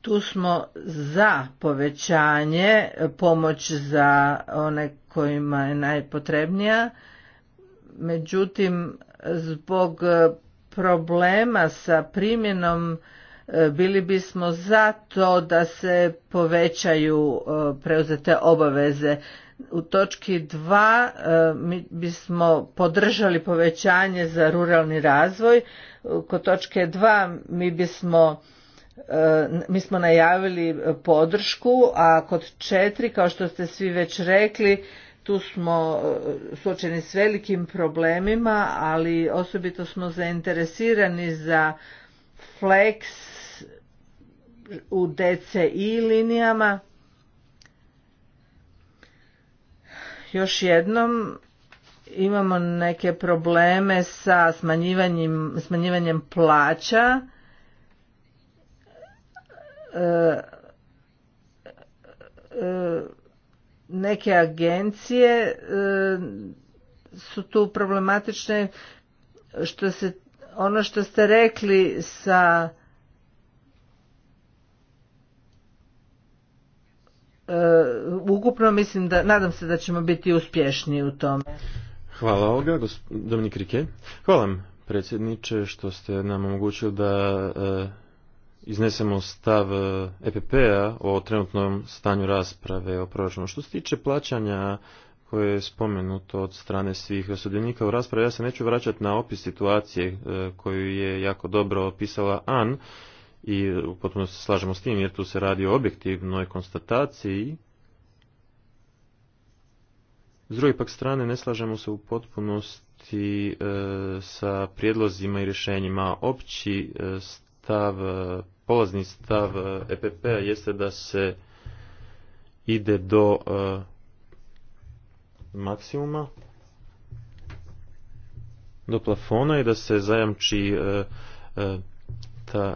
tu smo za povećanje, pomoć za one kojima je najpotrebnija, međutim zbog problema sa primjenom E, bili bismo za to da se povećaju e, preuzete obaveze. U točki 2 e, mi bismo podržali povećanje za ruralni razvoj. Kod točke 2 mi bismo mi smo najavili podršku, a kod četiri, kao što ste svi već rekli, tu smo suočeni s velikim problemima, ali osobito smo zainteresirani za fleks u DCI linijama. Još jednom imamo neke probleme sa smanjivanjem, smanjivanjem plaća. E, e, neke agencije e, su tu problematične što se ono što ste rekli sa E, ukupno mislim da nadam se da ćemo biti uspješni u tome. Hvala Olga, Dominik Rike. Hvala vam predsjedniče što ste nam omogućili da e, iznesemo stav EPP-a e o trenutnom stanju rasprave o proračunu. Što se tiče plaćanja koje je spomenuto od strane svih sudionika u raspravi, ja se neću vraćati na opis situacije koju je jako dobro opisala Ann i potpuno se slažemo s tim jer tu se radi o objektivnoj konstataciji. S druge pak strane ne slažemo se u potpunosti e, sa prijedlozima i rješenjima. Opći e, stav, e, polazni stav EPP-a jeste da se ide do maksimuma, do plafona i da se zajamči ta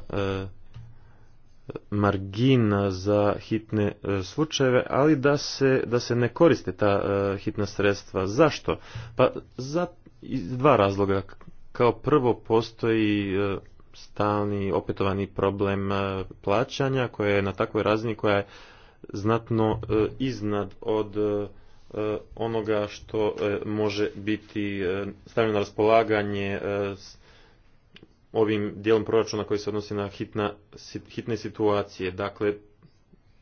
margina za hitne e, slučajeve, ali da se, da se ne koriste ta e, hitna sredstva. Zašto? Pa za dva razloga. Kao prvo postoji e, stalni opetovani problem plaćanja koje je na takvoj razini koja je znatno iznad od onoga što može biti stavljeno na raspolaganje ovim dijelom proračuna koji se odnosi na hitna, hitne situacije. Dakle,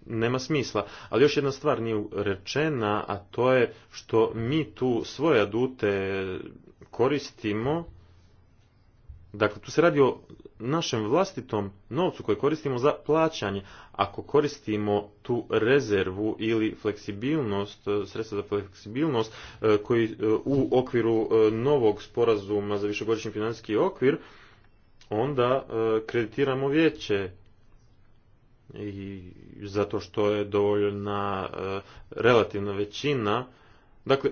nema smisla. Ali još jedna stvar nije rečena, a to je što mi tu svoje adute koristimo. Dakle, tu se radi o našem vlastitom novcu koji koristimo za plaćanje. Ako koristimo tu rezervu ili fleksibilnost, e, sredstva za fleksibilnost e, koji e, u okviru novog sporazuma za višegodišnji financijski okvir, onda e, kreditiramo vijeće i zato što je dovoljna e, relativna većina. Dakle,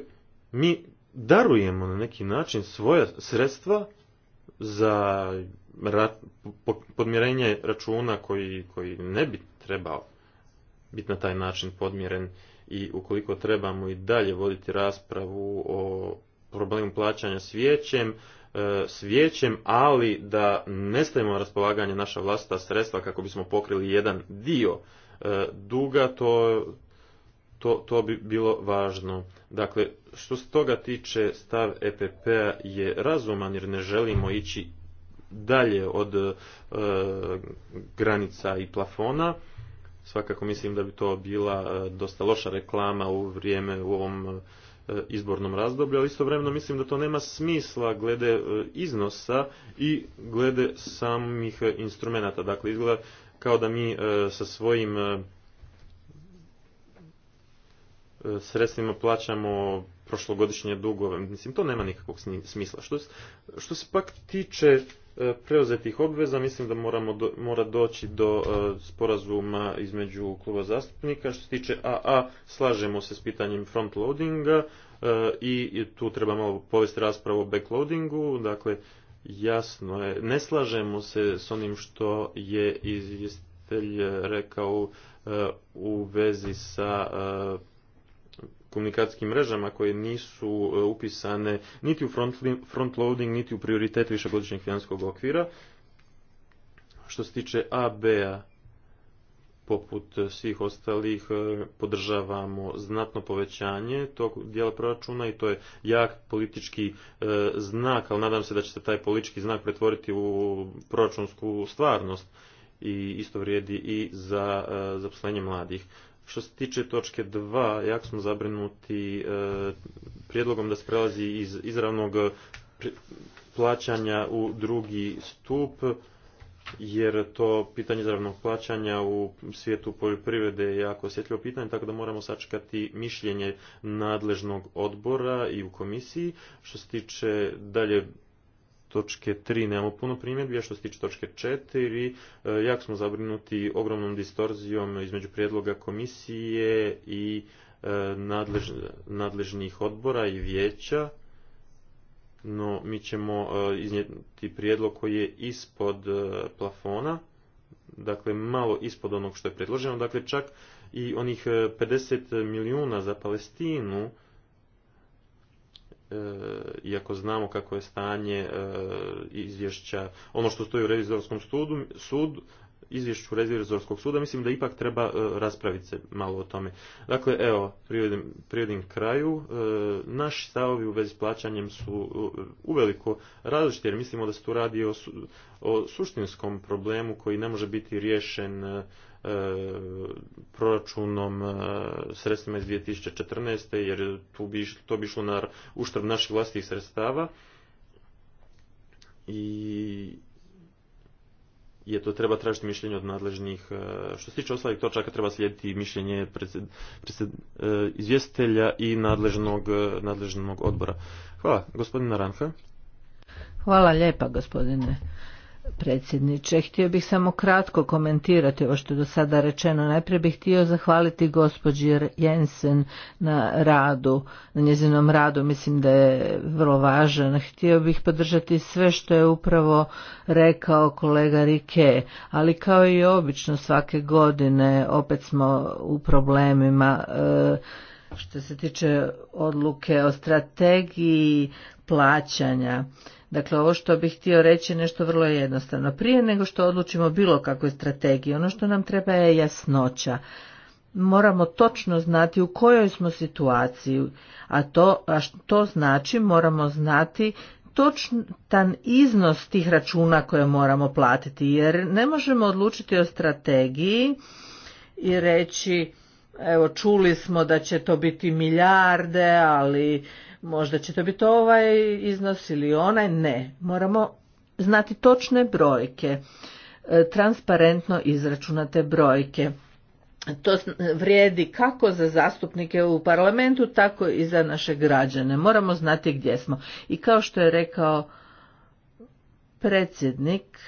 mi darujemo na neki način svoja sredstva za podmirenje računa koji, koji ne bi trebao biti na taj način podmiren i ukoliko trebamo i dalje voditi raspravu o problemu plaćanja s vijećem, E, s ali da ne stavimo raspolaganje naša vlastita sredstva kako bismo pokrili jedan dio e, duga, to, to, to bi bilo važno. Dakle, što se toga tiče, stav EPP-a je razuman jer ne želimo ići dalje od e, granica i plafona. Svakako mislim da bi to bila dosta loša reklama u vrijeme u ovom E, izbornom razdoblju, ali istovremeno mislim da to nema smisla glede e, iznosa i glede samih instrumenata. Dakle, izgleda kao da mi e, sa svojim sredstvima plaćamo prošlogodišnje dugove. Mislim, to nema nikakvog smisla. Što, što se pak tiče E, preuzetih obveza mislim da moramo mora doći do e, sporazuma između kluba zastupnika. Što se tiče AA, slažemo se s pitanjem frontloadinga uh, i tu treba malo povesti raspravu o backloadingu. Dakle, jasno je, ne slažemo se s onim što je izvjestitelj rekao u vezi sa komunikacijskim mrežama koje nisu e, upisane niti u loading, niti u prioritet višegodišnjeg financijskog okvira. Što se tiče AB-a, poput svih ostalih, e, podržavamo znatno povećanje tog dijela proračuna i to je jak politički e, znak, ali nadam se da će se taj politički znak pretvoriti u proračunsku stvarnost i isto vrijedi i za zaposlenje mladih. Što se tiče točke 2, jako smo zabrinuti e, prijedlogom da se prelazi iz izravnog e, plaćanja u drugi stup, jer to pitanje izravnog plaćanja u svijetu poljoprivrede je jako osjetljivo pitanje, tako da moramo sačekati mišljenje nadležnog odbora i u komisiji. Što se tiče dalje točke 3 nemamo puno primjedbi, a što se tiče točke 4, e, jako smo zabrinuti ogromnom distorzijom između prijedloga komisije i e, nadležnih odbora i vijeća, no mi ćemo e, iznijeti prijedlog koji je ispod plafona, dakle malo ispod onog što je predloženo, dakle čak i onih 50 milijuna za Palestinu, E, iako znamo kako je stanje e, izvješća, ono što stoji u revizorskom sudu, izvješću revizorskog suda, mislim da ipak treba e, raspraviti se malo o tome. Dakle, evo, prijedim kraju. Naši stavovi u vezi s plaćanjem su uveliko različiti, jer mislimo da se tu radi o, o suštinskom problemu koji ne može biti riješen E, proračunom e, sredstvima iz 2014. jer tu bi, to bi išlo na uštrb naših vlastitih sredstava i je to treba tražiti mišljenje od nadležnih. E, što se tiče ostalih točaka, treba slijediti mišljenje izvjestitelja i nadležnog, nadležnog odbora. Hvala, gospodina Ranha. Hvala lijepa, gospodine predsjedniče. Htio bih samo kratko komentirati ovo što je do sada rečeno. Najprije bih htio zahvaliti gospođi Jensen na radu, na njezinom radu, mislim da je vrlo važan. Htio bih podržati sve što je upravo rekao kolega Rike, ali kao i obično svake godine opet smo u problemima e, što se tiče odluke o strategiji plaćanja. Dakle, ovo što bih htio reći je nešto vrlo jednostavno. Prije nego što odlučimo bilo kakvoj strategiji, ono što nam treba je jasnoća. Moramo točno znati u kojoj smo situaciji, a to, a to znači moramo znati točan iznos tih računa koje moramo platiti, jer ne možemo odlučiti o strategiji i reći, evo čuli smo da će to biti milijarde, ali možda će to biti ovaj iznos ili onaj, ne. Moramo znati točne brojke, e, transparentno izračunate brojke. To vrijedi kako za zastupnike u parlamentu, tako i za naše građane. Moramo znati gdje smo. I kao što je rekao predsjednik,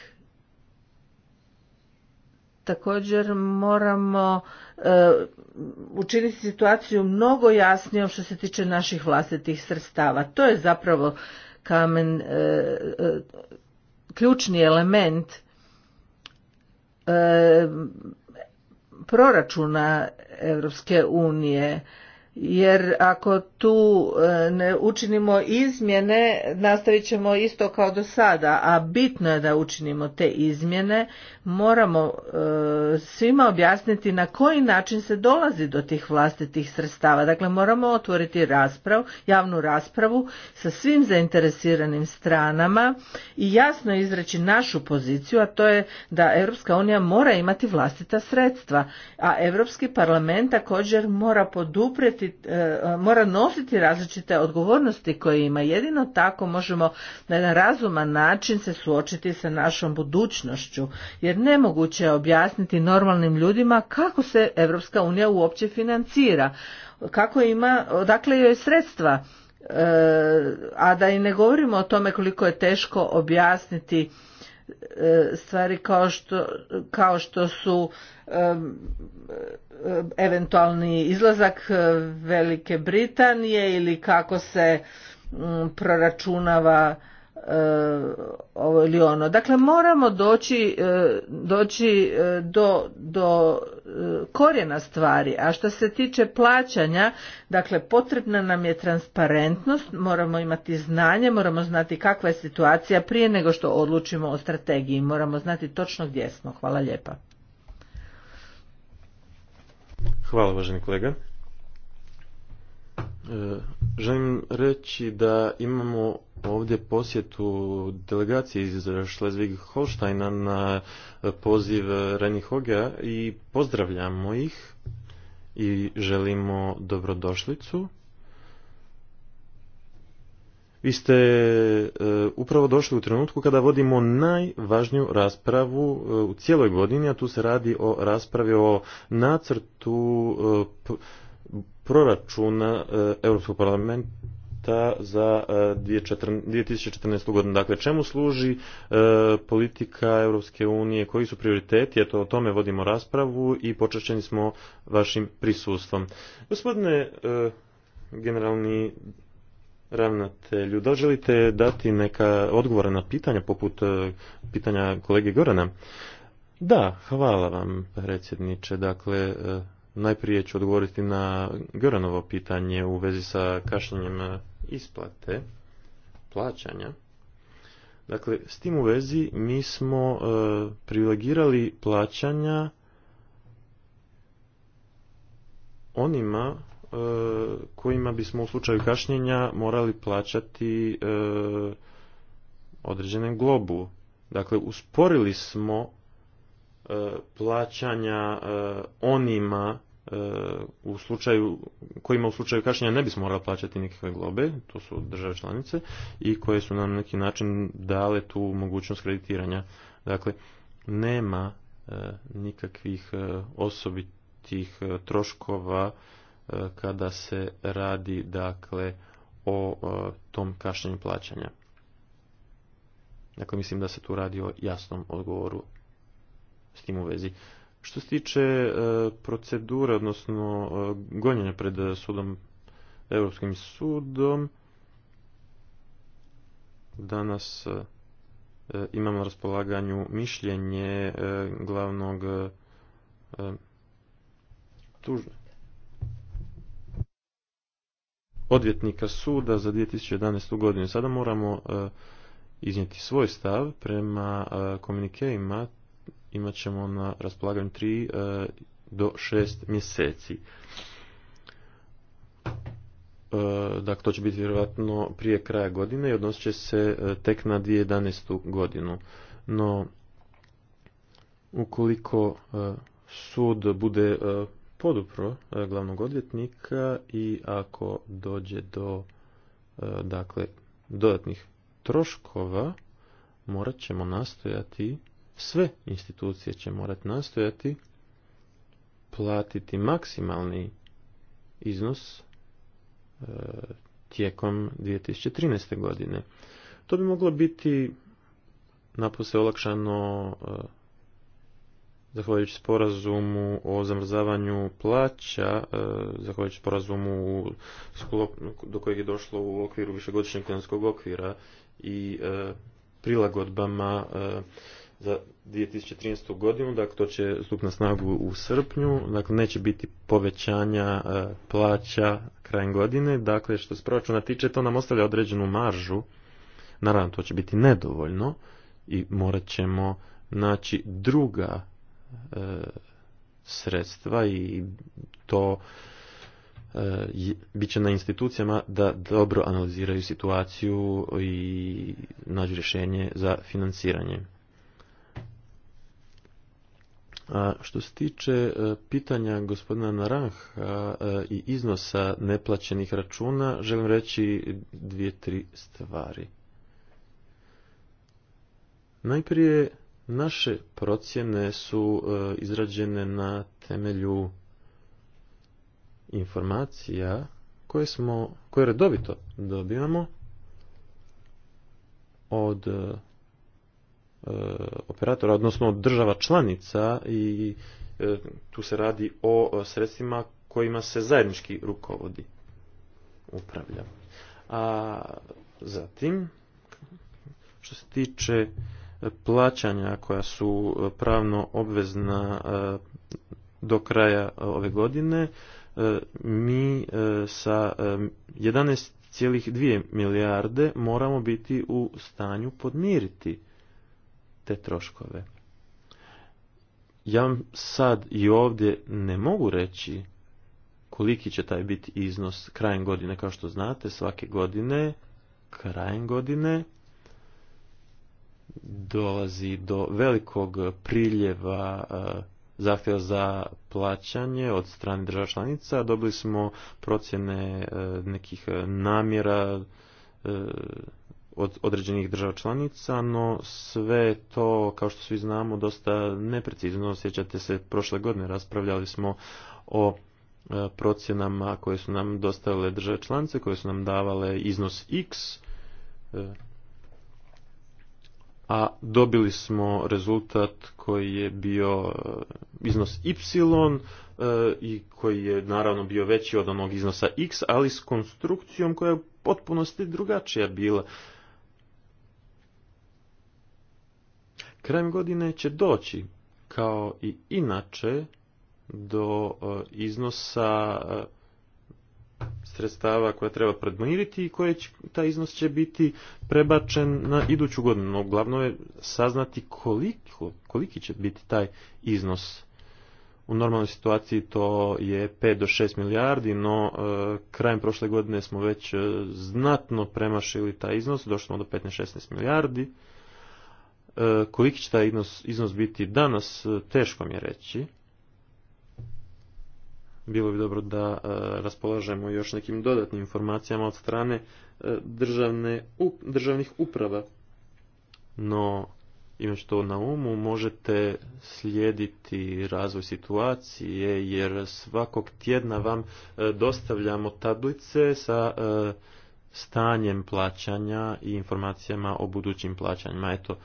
također moramo e, učiniti situaciju mnogo jasnijom što se tiče naših vlastitih sredstava. To je zapravo kamen, e, e, ključni element e, proračuna Europske unije jer ako tu e, ne učinimo izmjene nastavit ćemo isto kao do sada a bitno je da učinimo te izmjene moramo e, svima objasniti na koji način se dolazi do tih vlastitih sredstava dakle moramo otvoriti raspravu javnu raspravu sa svim zainteresiranim stranama i jasno izreći našu poziciju a to je da Europska unija mora imati vlastita sredstva a Europski parlament također mora poduprijeti E, mora nositi različite odgovornosti koje ima. Jedino tako možemo na jedan razuman način se suočiti sa našom budućnošću, jer nemoguće je objasniti normalnim ljudima kako se Europska unija uopće financira, kako ima, odakle joj sredstva. E, a da i ne govorimo o tome koliko je teško objasniti E, stvari kao što, kao što su e, e, eventualni izlazak Velike Britanije ili kako se proračunava E, ovo ili ono. Dakle, moramo doći, e, doći e, do, do korijena stvari. A što se tiče plaćanja, dakle, potrebna nam je transparentnost, moramo imati znanje, moramo znati kakva je situacija prije nego što odlučimo o strategiji. Moramo znati točno gdje smo. Hvala lijepa. Hvala, kolega. Želim reći da imamo ovdje posjetu delegacije iz Šlezvig Holštajna na poziv Reni Hogea i pozdravljamo ih i želimo dobrodošlicu. Vi ste e, upravo došli u trenutku kada vodimo najvažniju raspravu e, u cijeloj godini, a tu se radi o raspravi o nacrtu e, proračuna Europskog parlamenta budžeta za 2014. E, godinu. Dakle, čemu služi e, politika Europske unije, koji su prioriteti, eto o tome vodimo raspravu i počašćeni smo vašim prisustvom. Gospodine e, generalni ravnatelju, da želite dati neka odgovora na pitanja poput pitanja kolege Gorana? Da, hvala vam predsjedniče. Dakle, najprije ću odgovoriti na Goranovo pitanje u vezi sa kašnjenjem isplate plaćanja. Dakle, s tim u vezi mi smo e, privilegirali plaćanja onima e, kojima bismo u slučaju kašnjenja morali plaćati e, određenem globu. Dakle, usporili smo e, plaćanja onima u slučaju, kojima u slučaju kašnjenja ne bismo morali plaćati nikakve globe, to su države članice, i koje su nam neki način dale tu mogućnost kreditiranja. Dakle, nema e, nikakvih e, osobitih e, troškova kada se radi dakle o tom kašnjenju plaćanja. Dakle, mislim da se tu radi o jasnom odgovoru s tim u vezi. Što se tiče e, procedure, odnosno e, gonjenja pred e, sudom, Europskim sudom, danas imamo na raspolaganju mišljenje glavnog Odvjetnika suda za 2011. godinu. Sada moramo iznijeti svoj stav prema komunikejima imat ćemo na raspolaganju 3 e, do 6 mjeseci. Dakle, to će biti vjerojatno prije kraja godine i odnosit će se e, tek na 2011. godinu. No, ukoliko sud bude podupro glavnog odvjetnika i ako dođe do dakle dodatnih troškova morat ćemo nastojati sve institucije će morati nastojati platiti maksimalni iznos e, tijekom 2013. godine. To bi moglo biti napose olakšano e, zahvaljujući sporazumu o zamrzavanju plaća, e, zahvaljujući sporazumu do kojeg je došlo u okviru višegodišnjeg klinanskog okvira i prilagodbama za 2013. godinu, dakle to će stup na snagu u srpnju, dakle neće biti povećanja e, plaća krajem godine, dakle što se proračuna tiče to nam ostavlja određenu maržu, naravno to će biti nedovoljno i morat ćemo naći druga e, sredstva i to e, bit će na institucijama da dobro analiziraju situaciju i nađu rješenje za financiranje. A što se tiče e, pitanja gospodina Naranha e, i iznosa neplaćenih računa, želim reći dvije, tri stvari. Najprije, naše procjene su e, izrađene na temelju informacija koje, smo, koje redovito dobivamo od E, operatora, odnosno država članica i e, tu se radi o sredstvima kojima se zajednički rukovodi upravlja. A zatim, što se tiče plaćanja koja su pravno obvezna e, do kraja ove godine, mi sa 11,2 milijarde moramo biti u stanju podmiriti te troškove. Ja vam sad i ovdje ne mogu reći koliki će taj biti iznos krajem godine, kao što znate, svake godine, krajem godine, dolazi do velikog priljeva e, zahtjeva za plaćanje od strane država članica. Dobili smo procjene e, nekih namjera e, od određenih država članica, no sve to, kao što svi znamo, dosta neprecizno. Sjećate se, prošle godine raspravljali smo o e, procjenama koje su nam dostavile države članice, koje su nam davale iznos x, e, a dobili smo rezultat koji je bio e, iznos y i koji je naravno bio veći od onog iznosa x, ali s konstrukcijom koja je potpunosti drugačija bila. Krajem godine će doći, kao i inače, do e, iznosa e, sredstava koja treba predmiriti i koje taj iznos će biti prebačen na iduću godinu. No, glavno je saznati koliko, koliki će biti taj iznos. U normalnoj situaciji to je 5 do 6 milijardi, no e, krajem prošle godine smo već znatno premašili taj iznos, došli smo do 15-16 milijardi. E, koliki će taj iznos biti danas, e, teško mi je reći. Bilo bi dobro da e, raspolažemo još nekim dodatnim informacijama od strane državne, državnih uprava. No, imajući to na umu, možete slijediti razvoj situacije, jer svakog tjedna vam dostavljamo tablice sa stanjem plaćanja i informacijama o budućim plaćanjima. Eto,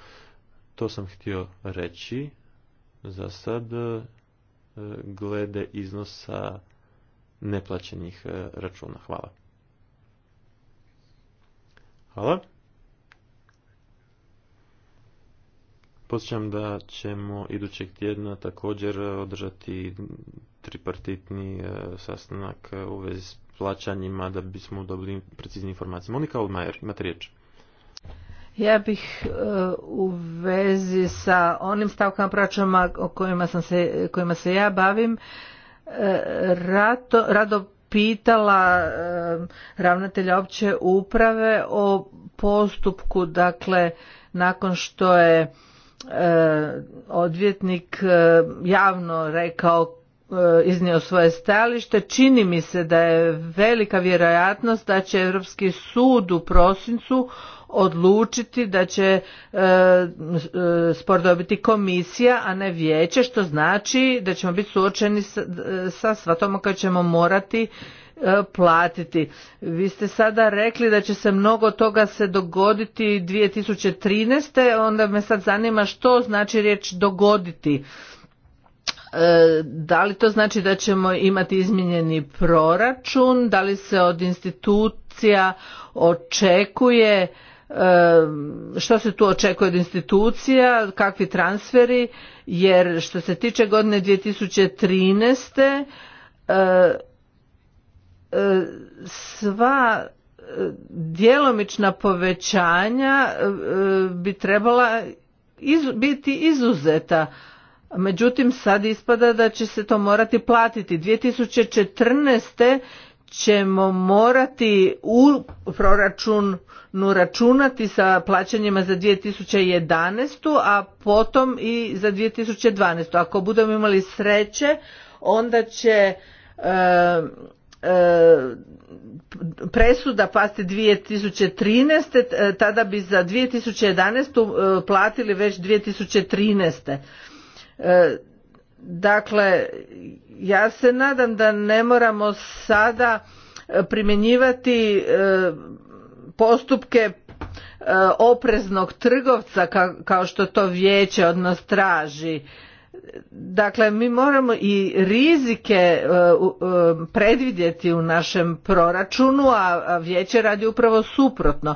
to sam htio reći za sad e, glede iznosa neplaćenih e, računa. Hvala. Hvala. Posjećam da ćemo idućeg tjedna također održati tripartitni e, sastanak u vezi s plaćanjima da bismo dobili precizne informacije. Monika Olmajer, imate riječ. Ja bih e, u vezi sa onim stavkama proračuna o kojima, sam se, kojima se ja bavim e, rado, rado pitala e, ravnatelja opće uprave o postupku, dakle nakon što je odvjetnik javno rekao iznio svoje stajalište čini mi se da je velika vjerojatnost da će europski sud u prosincu odlučiti da će e, e, spor dobiti komisija, a ne vijeće, što znači da ćemo biti suočeni sa svatom koje ćemo morati e, platiti. Vi ste sada rekli da će se mnogo toga se dogoditi 2013. Onda me sad zanima što znači riječ dogoditi. Da li to znači da ćemo imati izmijenjeni proračun? Da li se od institucija očekuje što se tu očekuje od institucija, kakvi transferi, jer što se tiče godine 2013. sva djelomična povećanja bi trebala biti izuzeta. Međutim, sad ispada da će se to morati platiti. 2014 ćemo morati u proračunu računati sa plaćanjima za 2011. a potom i za 2012. Ako budemo imali sreće, onda će e, E, presuda pasti 2013. E, tada bi za 2011. E, platili već 2013. E, Dakle, ja se nadam da ne moramo sada e, primjenjivati e, postupke e, opreznog trgovca kao što to vijeće od nas traži. Dakle, mi moramo i rizike predvidjeti u našem proračunu, a vijeće radi upravo suprotno.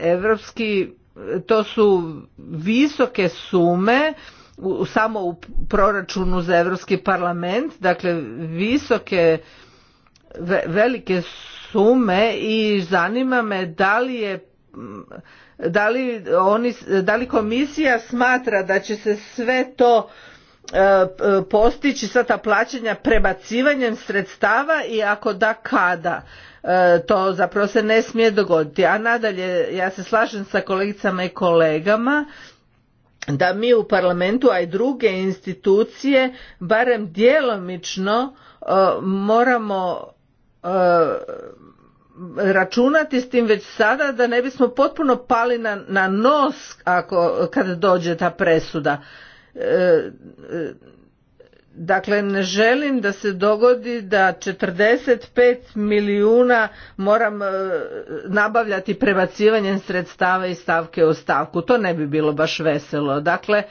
Europski to su visoke sume, u, samo u proračunu za Europski parlament, dakle visoke velike sume i zanima me da li je mm, da li, oni, da li komisija smatra da će se sve to e, postići sva ta plaćanja prebacivanjem sredstava i ako da kada e, to zapravo se ne smije dogoditi a nadalje ja se slažem sa kolegicama i kolegama da mi u parlamentu, a i druge institucije, barem djelomično e, moramo e, računati s tim već sada da ne bismo potpuno pali na, nos ako, dođe ta presuda. E, Dakle, ne želim da se dogodi da 45 milijuna moram e, nabavljati prebacivanjem sredstava i stavke u stavku. To ne bi bilo baš veselo. Dakle,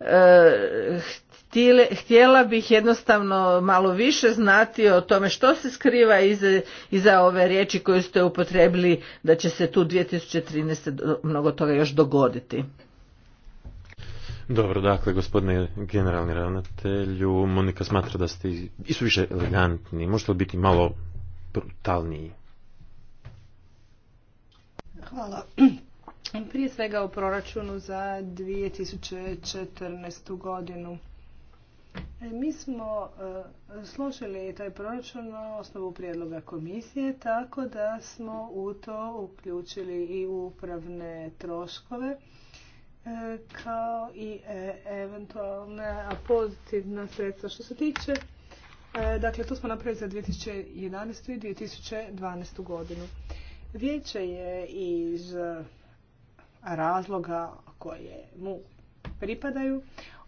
e, htjela, bih jednostavno malo više znati o tome što se skriva iza, iza ove riječi koju ste upotrebili da će se tu 2013. mnogo toga još dogoditi. Dobro, dakle, gospodine generalni ravnatelju, Monika smatra da ste isuviše elegantni. Možete li biti malo brutalniji? Hvala. Prije svega o proračunu za 2014. godinu. E, mi smo e, složili taj proračun na osnovu prijedloga komisije, tako da smo u to uključili i upravne troškove E, kao i e, eventualna pozitivna sredstva. Što se tiče, e, dakle to smo napravili za 2011. i 2012. godinu. Vijeće je iz razloga koje mu pripadaju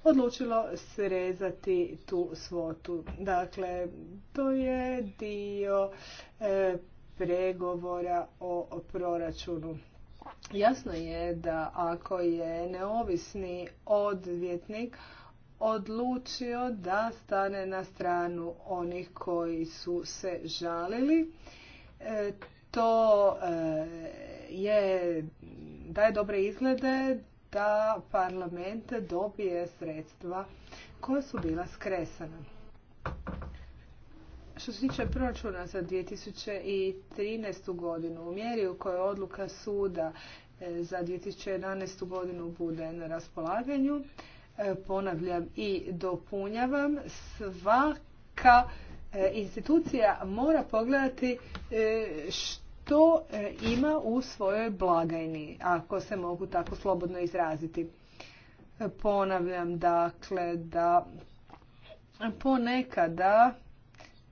odlučilo srezati tu svotu. Dakle, to je dio pregovora o proračunu. Jasno je da ako je neovisni odvjetnik odlučio da stane na stranu onih koji su se žalili, e, to e, je daje dobre izglede da parlament dobije sredstva koja su bila skresana. Što se tiče proračuna za 2013. godinu, u mjeri u kojoj odluka suda e, za 2011. godinu bude na raspolaganju, e, ponavljam i dopunjavam, svaka e, institucija mora pogledati što ima u svojoj blagajni, ako se mogu tako slobodno izraziti. Ponavljam dakle da ponekada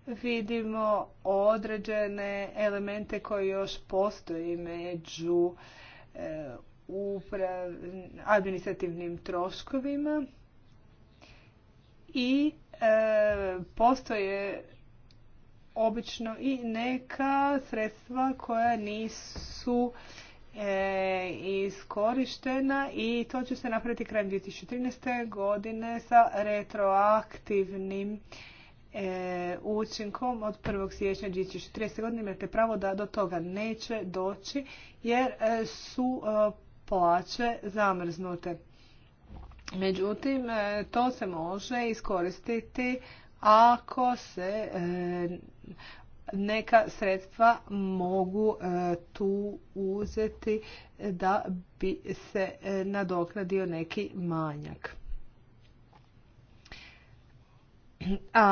vidimo određene elemente koji još postoji među e, administrativnim troškovima i e, postoje obično i neka sredstva koja nisu e, iskorištena i to će se napraviti krajem 2013. godine sa retroaktivnim e, učinkom od 1. siječnja 2030 godine imate pravo da do toga neće doći jer e, su e, plaće zamrznute. Međutim, e, to se može iskoristiti ako se neka sredstva mogu tu uzeti da bi se nadoknadio neki manjak. A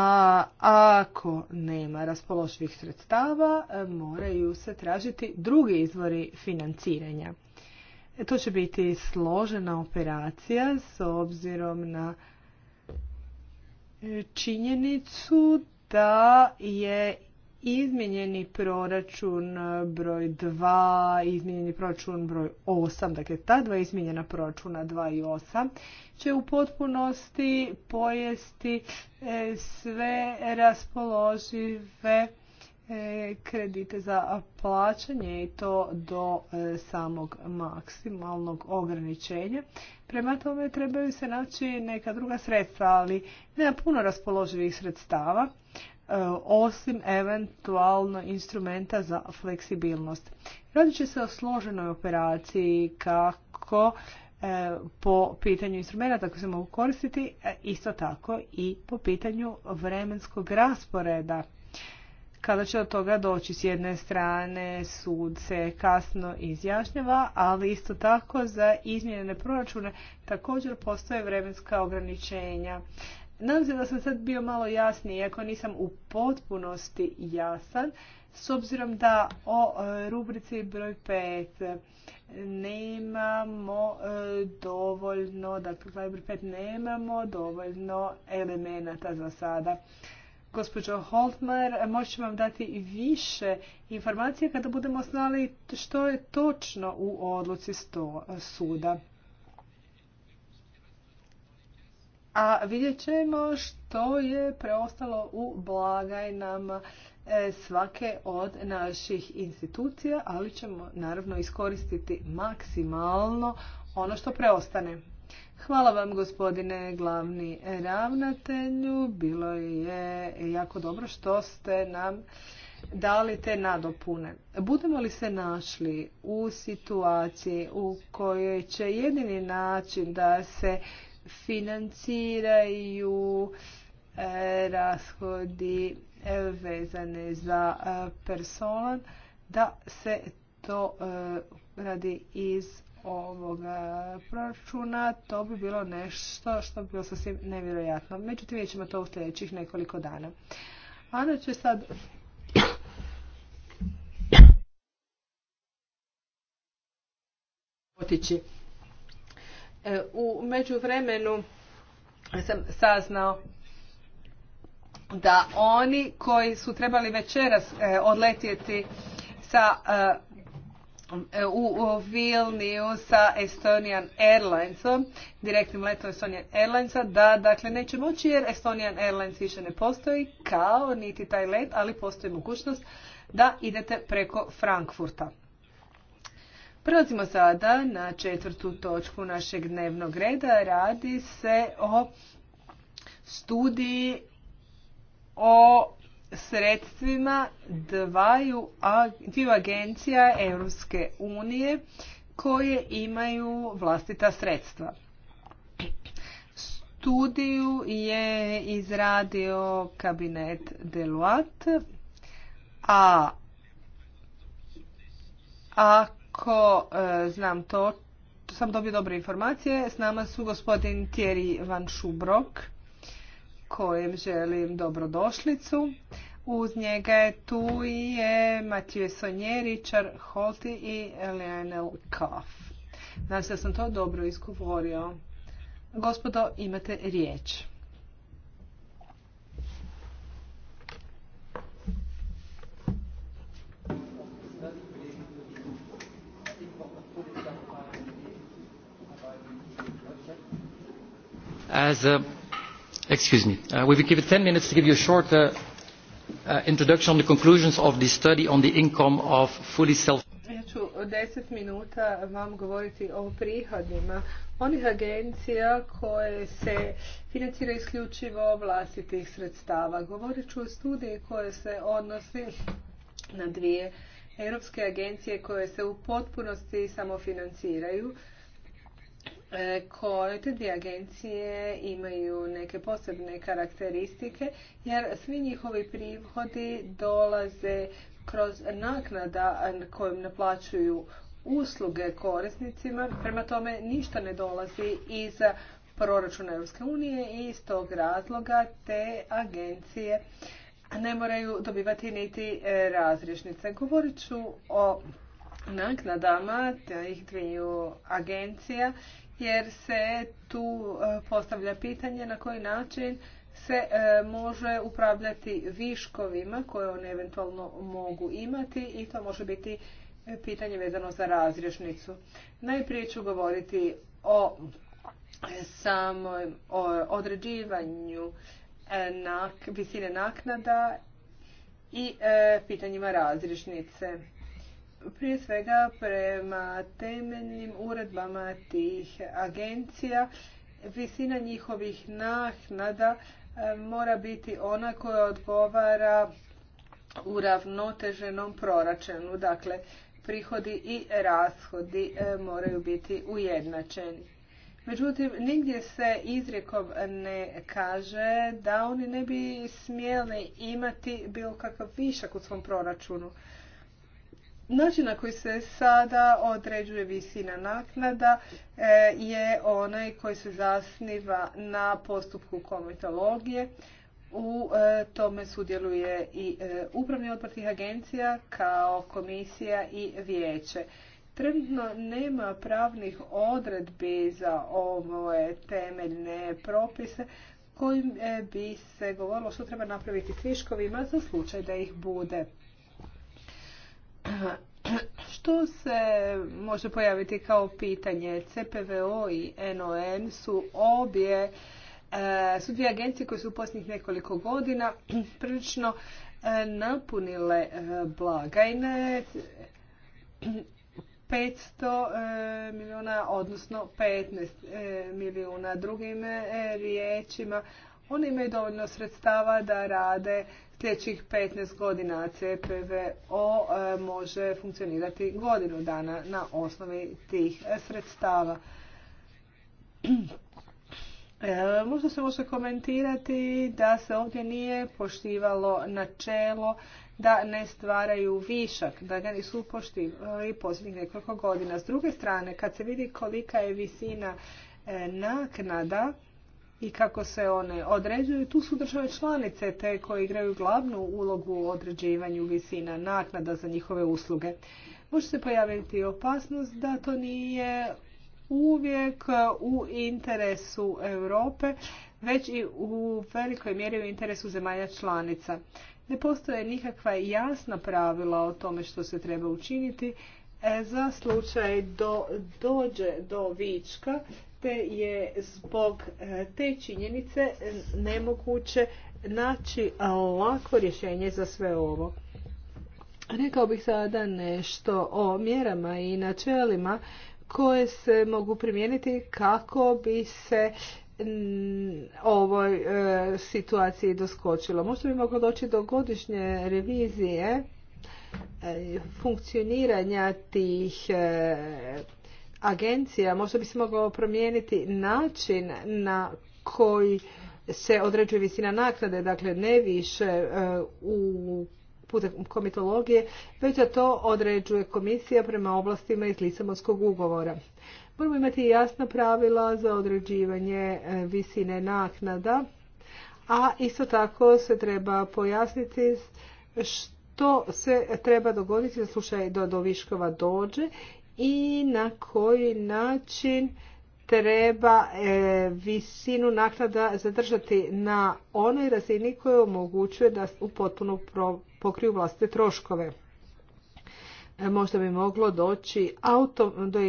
ako nema raspoloživih sredstava, moraju se tražiti drugi izvori financiranja. E, to će biti složena operacija s obzirom na e, činjenicu da je E, izmijenjeni proračun broj 2, izmijenjeni proračun broj 8, dakle ta dva izmijenjena proračuna 2 i 8 će u potpunosti pojesti e, sve raspoložive e, kredite za plaćanje i to do samog maksimalnog ograničenja. Prema tome trebaju se naći neka druga sredstva, ali nema puno raspoloživih sredstava. E, osim eventualno instrumenta za fleksibilnost. Radit će se o složenoj operaciji kako e, po pitanju instrumenta tako se mogu koristiti, e, isto tako i po pitanju vremenskog rasporeda. Kada će od toga doći s jedne strane sud se kasno izjašnjava, ali isto tako za izmjenjene proračune također postoje vremenska ograničenja. Nadam se da sam sad bio malo jasniji, iako nisam u potpunosti jasan, s obzirom da o e, rubrici broj 5 e, nemamo e, dovoljno, dakle za 5 nemamo dovoljno elemenata za sada. Gospođo Holtmar, moći vam dati više informacije kada budemo znali što je točno u odluci suda. a vidjet ćemo što je preostalo u blagajnama e, svake od naših institucija, ali ćemo naravno iskoristiti maksimalno ono što preostane. Hvala vam gospodine glavni ravnatelju. Bilo je jako dobro što ste nam dali te nadopune. Budemo li se našli u situaciji u kojoj će jedini način da se financiraju e, rashodi e, vezane za e, personal, da se to radi iz ovoga proračuna, to bi bilo nešto što bi bilo sasvim nevjerojatno. Međutim, vidjet ćemo to u sljedećih nekoliko dana. Ana će sad... Otići. E, u međuvremenu sam saznao da oni koji su trebali večeras e, odletjeti sa e, u Vilniju sa Estonian Airlinesom, direktnim letom Estonian Airlinesa, da dakle neće moći jer Estonian Airlines više ne postoji kao niti taj let, ali postoji mogućnost da idete preko Frankfurta. Prelazimo sada na četvrtu točku našeg dnevnog reda. Radi se o studiji o sredstvima dvaju, agencija Europske unije koje imaju vlastita sredstva. Studiju je izradio kabinet Deloitte, a a Ko e, znam to, sam dobio dobre informacije. S nama su gospodin Thierry Van Šubrok, kojem želim dobrodošlicu. Uz njega je tu i je Mathieu Sonnier, Holti i Lionel Koff. Znači, da sam to dobro isgovorio. Gospodo, imate riječ. as excuse me uh, we will give you 10 minutes to give you a short uh, uh, introduction on the conclusions of the study on the income of fully self ja ću 10 minuta vam govoriti o prihodima onih agencija koje se financiraju isključivo vlastitih sredstava. Govorit ću o studiji koje se odnosi na dvije europske agencije koje se u potpunosti samofinanciraju E, koje te dvije agencije imaju neke posebne karakteristike jer svi njihovi prihodi dolaze kroz naknada kojom naplaćuju usluge korisnicima. Prema tome ništa ne dolazi iz proračuna Europske unije i iz tog razloga te agencije ne moraju dobivati niti e, razrišnice. Govorit ću o naknadama tih dviju agencija jer se tu e, postavlja pitanje na koji način se e, može upravljati viškovima koje one eventualno mogu imati i to može biti e, pitanje vezano za razrješnicu. Najprije ću govoriti o samom određivanju visine naknada i pitanjima razrješnice prije svega prema temeljnim uredbama tih agencija visina njihovih naknada e, mora biti ona koja odgovara uravnoteženom proračunu. Dakle, prihodi i rashodi e, moraju biti ujednačeni. Međutim, nigdje se izrijekom ne kaže da oni ne bi smjeli imati bilo kakav višak u svom proračunu. Način na koji se sada određuje visina naknada e, je onaj koji se zasniva na postupku komitologije. U e, tome sudjeluje i e, upravni odbor agencija kao komisija i vijeće. Trenutno nema pravnih odredbi za ove temeljne propise kojim bi se govorilo što treba napraviti s viškovima za slučaj da ih bude. Što se može pojaviti kao pitanje? CPVO i NON su obje e, su dvije agencije koje su u posljednjih nekoliko godina prilično e, napunile e, blagajne 500 milijuna, odnosno 15 milijuna. Drugim riječima, oni imaju dovoljno sredstava da rade sljedećih 15 godina. CPVO e, može funkcionirati godinu dana na osnovi tih e, sredstava. E, možda se može komentirati da se ovdje nije poštivalo načelo da ne stvaraju višak, da ga nisu poštivali posljednjih nekoliko godina. S druge strane, kad se vidi kolika je visina naknada, i kako se one određuju. Tu su države članice te koje igraju glavnu ulogu u određivanju visina naknada za njihove usluge. Može se pojaviti opasnost da to nije uvijek u interesu Europe, već i u velikoj mjeri u interesu zemalja članica. Ne postoje nikakva jasna pravila o tome što se treba učiniti e, za slučaj do, dođe do vička te je zbog e, te činjenice nemoguće naći lako rješenje za sve ovo. Rekao bih sada nešto o mjerama i načelima koje se mogu primijeniti kako bi se ovoj e, situaciji doskočilo. Možda bi moglo doći do godišnje revizije e, funkcioniranja tih agencija, možda bi se mogao promijeniti način na koji se određuje visina naknade, dakle ne više e, u putem komitologije, već da to određuje komisija prema oblastima iz Lisabonskog ugovora. Moramo imati jasna pravila za određivanje e, visine naknada, a isto tako se treba pojasniti što se treba dogoditi za slučaj da do viškova dođe i na koji način treba e, visinu naknada zadržati na onoj razini koja omogućuje da u potpuno pokriju vlastite troškove. E, možda bi moglo doći auto, do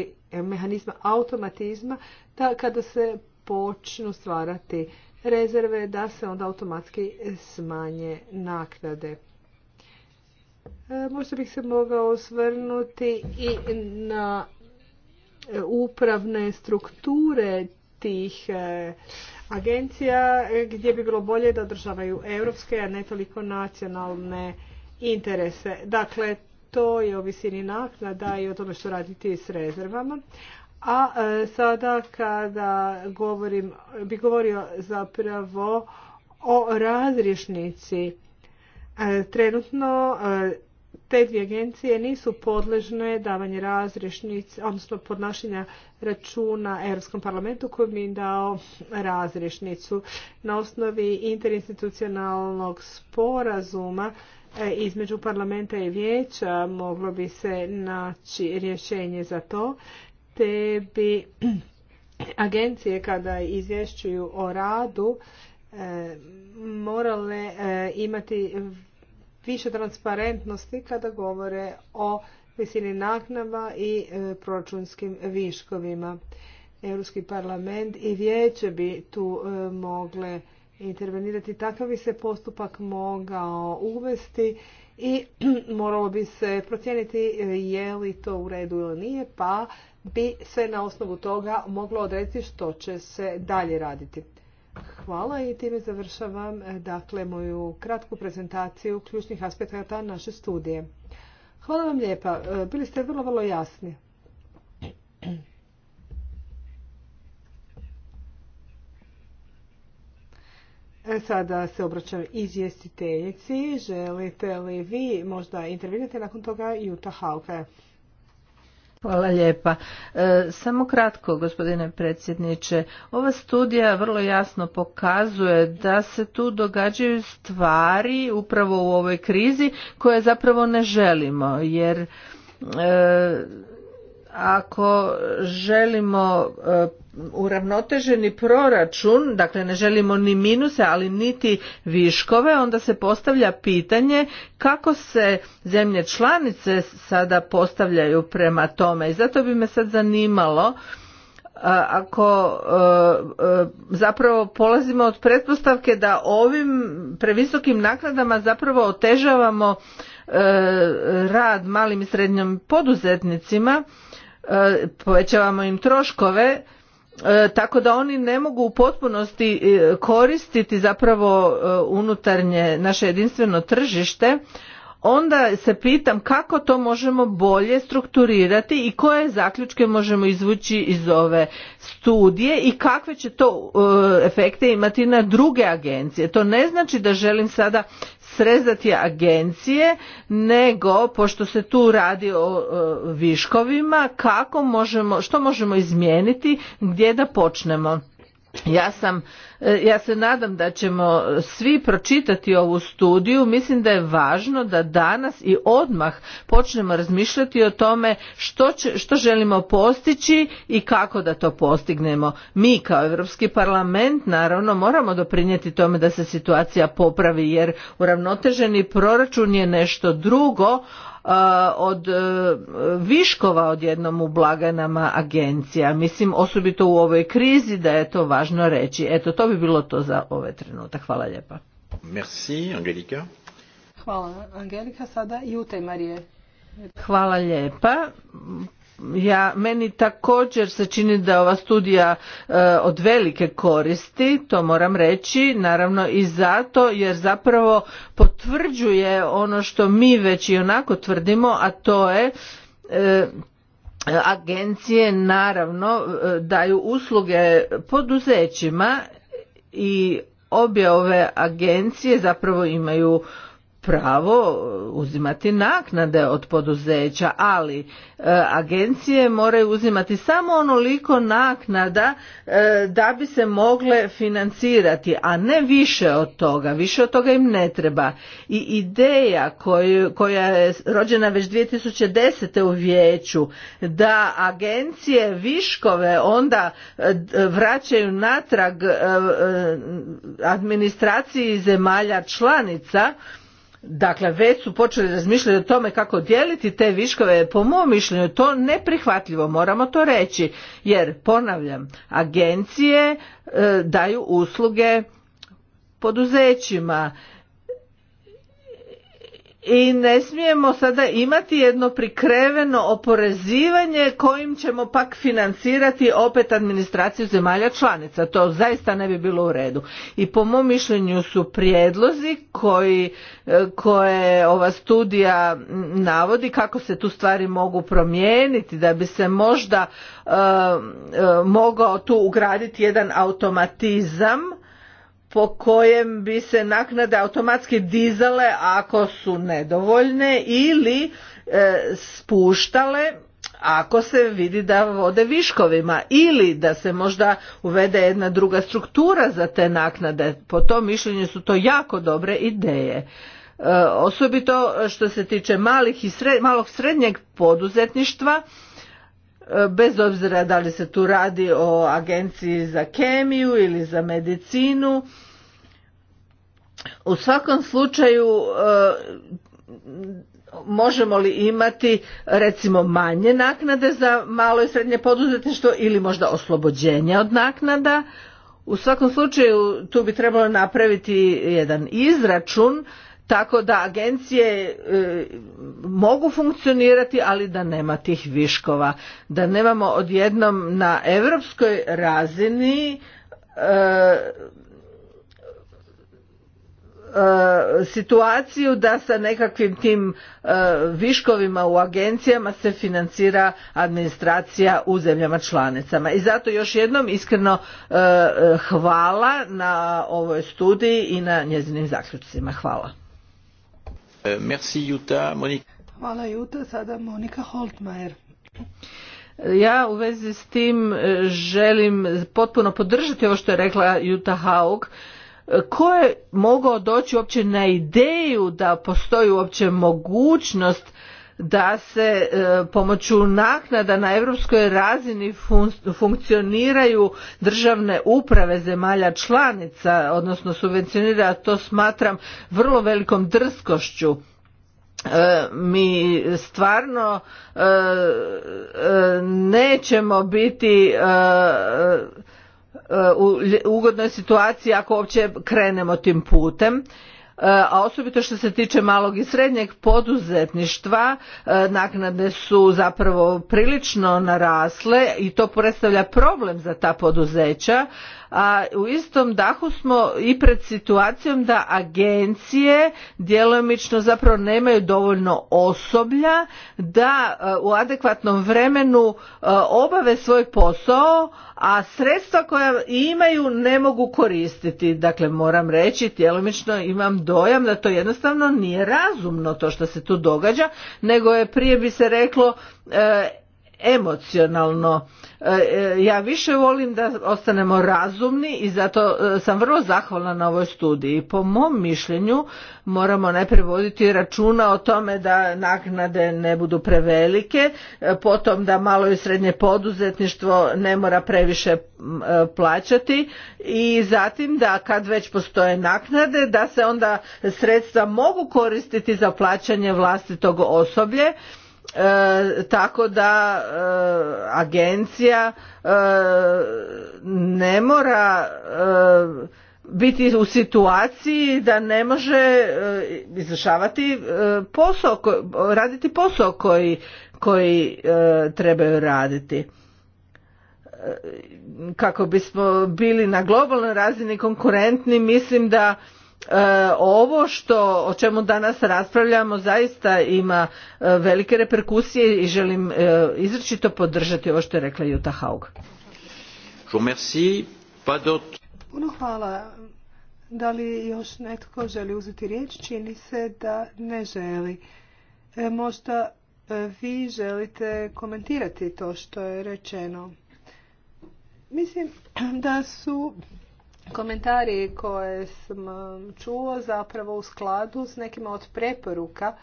mehanizma automatizma da kada se počnu stvarati rezerve da se onda automatski smanje naknade. E, možda bih se mogao osvrnuti i na e, upravne strukture tih e, agencija gdje bi bilo bolje da održavaju europske, a ne toliko nacionalne interese. Dakle, to je o visini naknada i o tome što raditi s rezervama. A sada kada govorim, bi govorio zapravo o razriješnici E, trenutno e, te dvije agencije nisu podležne davanje razrješnice, odnosno podnošenja računa Europskom parlamentu koji bi im dao razrješnicu. Na osnovi interinstitucionalnog sporazuma e, između parlamenta i vijeća moglo bi se naći rješenje za to, te bi agencije kada izvješćuju o radu E, morale e, imati više transparentnosti kada govore o visini naknava i e, proračunskim viškovima. Europski parlament i vijeće bi tu mogle intervenirati. Takav bi se postupak mogao uvesti i moralo bi se procijeniti je li to u redu ili nije, pa bi se na osnovu toga moglo odrediti što će se dalje raditi. Hvala i time završavam e, dakle moju kratku prezentaciju ključnih aspekata naše studije. Hvala vam lijepa. E, bili ste vrlo, vrlo jasni. E, sada se obraćam izvjestiteljici. Želite li vi možda intervenirati nakon toga Juta Hauke? Hvala lijepa. E, samo kratko, gospodine predsjedniče. Ova studija vrlo jasno pokazuje da se tu događaju stvari upravo u ovoj krizi koje zapravo ne želimo, jer e, ako želimo e, uravnoteženi proračun, dakle ne želimo ni minuse, ali niti viškove, onda se postavlja pitanje kako se zemlje članice sada postavljaju prema tome. I zato bi me sad zanimalo e, ako e, zapravo polazimo od pretpostavke da ovim previsokim nakladama zapravo otežavamo rad malim i srednjim poduzetnicima, E, povećavamo im troškove e, tako da oni ne mogu u potpunosti e, koristiti zapravo unutarnje naše jedinstveno tržište onda se pitam kako to možemo bolje strukturirati i koje zaključke možemo izvući iz ove studije i kakve će to efekte imati na druge agencije. To ne znači da želim sada srezati agencije nego pošto se tu radi o e, viškovima kako možemo što možemo izmijeniti gdje da počnemo ja sam e, ja se nadam da ćemo svi pročitati ovu studiju mislim da je važno da danas i odmah počnemo razmišljati o tome što, će, što želimo postići i kako da to postignemo mi kao europski parlament naravno moramo doprinijeti tome da se situacija popravi jer uravnoteženi proračun je nešto drugo od e, viškova odjednom u blaganama agencija. Mislim, osobito u ovoj krizi da je to važno reći. Eto, to bi bilo to za ove ovaj trenutak. Hvala lijepa. Merci, Angelika. Hvala, Angelika. Sada i Marije. Hvala lijepa ja meni također se čini da je ova studija e, od velike koristi to moram reći naravno i zato jer zapravo potvrđuje ono što mi već i onako tvrdimo a to je e, agencije naravno e, daju usluge poduzećima i obje ove agencije zapravo imaju pravo uzimati naknade od poduzeća, ali e, agencije moraju uzimati samo onoliko naknada e, da bi se mogle financirati, a ne više od toga, više od toga im ne treba. I ideja koja je rođena već 2010. u vijeću da agencije viškove onda e, vraćaju natrag administraciji zemalja članica, Dakle, već su počeli razmišljati o tome kako dijeliti te viškove, po mom mišljenju to neprihvatljivo, moramo to reći, jer ponavljam, agencije e, daju usluge poduzećima i ne smijemo sada imati jedno prikreveno oporezivanje kojim ćemo pak financirati opet administraciju zemalja članica. To zaista ne bi bilo u redu. I po mom mišljenju su prijedlozi koji, e, koje ova studija navodi kako se tu stvari mogu promijeniti da bi se možda e, e, mogao tu ugraditi jedan automatizam po kojem bi se naknade automatski dizale ako su nedovoljne ili e, spuštale ako se vidi da vode viškovima ili da se možda uvede jedna druga struktura za te naknade. Po tom mišljenju su to jako dobre ideje. E, osobito što se tiče malih i malog srednjeg poduzetništva, bez obzira da li se tu radi o agenciji za kemiju ili za medicinu u svakom slučaju e, možemo li imati recimo manje naknade za malo i srednje poduzetništvo ili možda oslobođenje od naknada u svakom slučaju tu bi trebalo napraviti jedan izračun tako da agencije e, mogu funkcionirati ali da nema tih viškova da nemamo odjednom na europskoj razini e, e, situaciju da sa nekakvim tim viškovima u agencijama se financira administracija u zemljama članicama. I zato još jednom iskreno hvala na ovoj studiji i na njezinim zaključcima. Hvala. Eh, Hvala sada Monika Ja u vezi s tim eh, želim potpuno podržati ovo što je rekla Juta Haug. Eh, ko je mogao doći uopće na ideju da postoji uopće mogućnost da se e, pomoću naknada na europskoj razini funkcioniraju državne uprave zemalja članica odnosno subvencionira to smatram vrlo velikom drskošću e, mi stvarno e, nećemo biti u ugodnoj situaciji ako uopće krenemo tim putem E, a osobito što se tiče malog i srednjeg poduzetništva e, naknade su zapravo prilično narasle i to predstavlja problem za ta poduzeća a u istom dahu smo i pred situacijom da agencije djelomično zapravo nemaju dovoljno osoblja da e, u adekvatnom vremenu e, obave svoj posao a sredstva koja imaju ne mogu koristiti dakle moram reći djelomično imam dojam da to jednostavno nije razumno to što se tu događa nego je prije bi se reklo e, emocionalno. E, e, ja više volim da ostanemo razumni i zato e, sam vrlo zahvalna na ovoj studiji. Po mom mišljenju moramo ne voditi računa o tome da naknade ne budu prevelike, potom da malo i srednje poduzetništvo ne mora previše plaćati i zatim da kad već postoje naknade da se onda sredstva mogu koristiti za plaćanje vlastitog osoblje E, tako da e, agencija e, ne mora e, biti u situaciji da ne može izvršavati posao raditi posao koji koji trebaju raditi kako bismo bili na globalnoj razini konkurentni mislim da E, ovo što o čemu danas raspravljamo zaista ima e, velike reperkusije i želim e, izričito podržati ovo što je rekla Juta Haug. Puno hvala. Da li još netko želi uzeti riječ? Čini se da ne želi. Možda vi želite komentirati to što je rečeno. Mislim da su komentari koje sam um, čuo zapravo u skladu s nekima od preporuka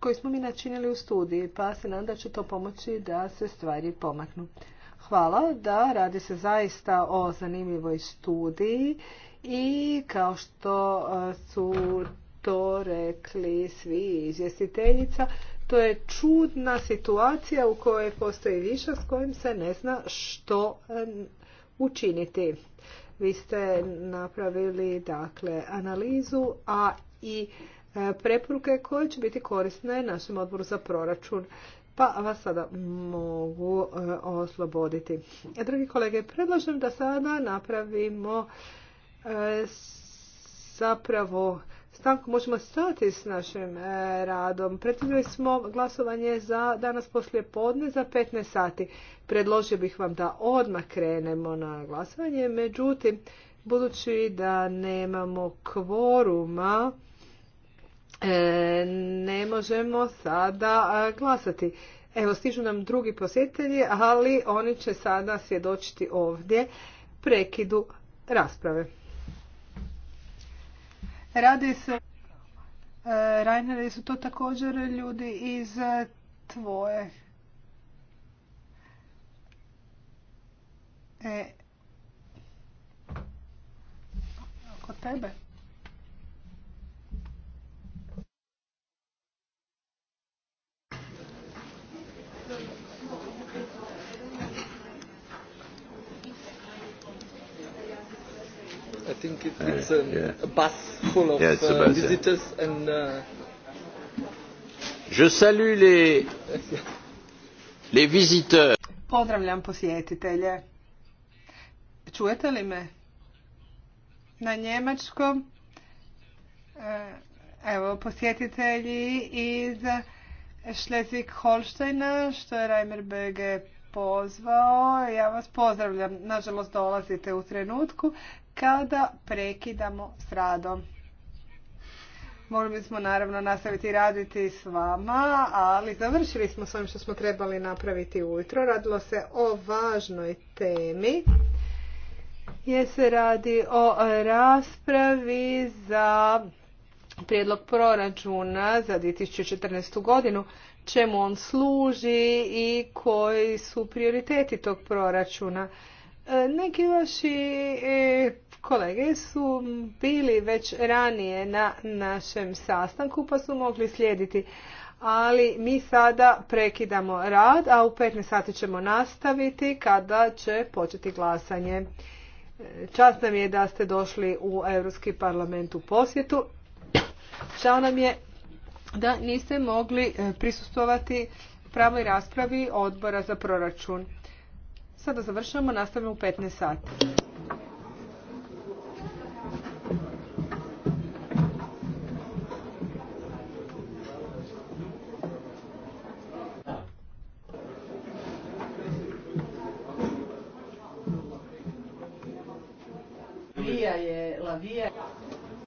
koji smo mi načinili u studiji, pa se nadam da će to pomoći da se stvari pomaknu. Hvala, da, radi se zaista o zanimljivoj studiji i kao što uh, su to rekli svi izvjestiteljica, to je čudna situacija u kojoj postoji viša s kojim se ne zna što um, učiniti. Vi ste napravili dakle analizu, a i e, preporuke koje će biti korisne našem odboru za proračun. Pa vas sada mogu e, osloboditi. Drugi kolege, predlažem da sada napravimo e, zapravo stanku možemo stati s našim e, radom. Predvidjeli smo glasovanje za danas poslije podne za 15 sati. Predložio bih vam da odmah krenemo na glasovanje. Međutim, budući da nemamo kvoruma, e, ne možemo sada glasati. Evo, stižu nam drugi posjetitelji, ali oni će sada svjedočiti ovdje prekidu rasprave. Radi se e, Rainer, su to također ljudi iz e, tvoje e, oko tebe. I think it, it's a, bus full of uh, visitors and. Uh, je salue les les visiteurs. Pozdravljam posjetitelje. Čujete li me? Na njemačkom. E, evo, posjetitelji iz Schleswig-Holsteina, što je Reimer Bege pozvao. Ja vas pozdravljam. Nažalost, dolazite u trenutku kada prekidamo s radom. Morali smo naravno nastaviti raditi s vama, ali završili smo s ovim što smo trebali napraviti ujutro. Radilo se o važnoj temi. Je se radi o raspravi za prijedlog proračuna za 2014. godinu, čemu on služi i koji su prioriteti tog proračuna. E, neki vaši e, Kolege su bili već ranije na našem sastanku pa su mogli slijediti, ali mi sada prekidamo rad, a u 15 sati ćemo nastaviti kada će početi glasanje. Čast nam je da ste došli u Europski parlament u posjetu. Žao nam je da niste mogli e, prisustovati pravoj raspravi odbora za proračun. Sada završamo, nastavljamo u 15 sati. Lavija je, Lavija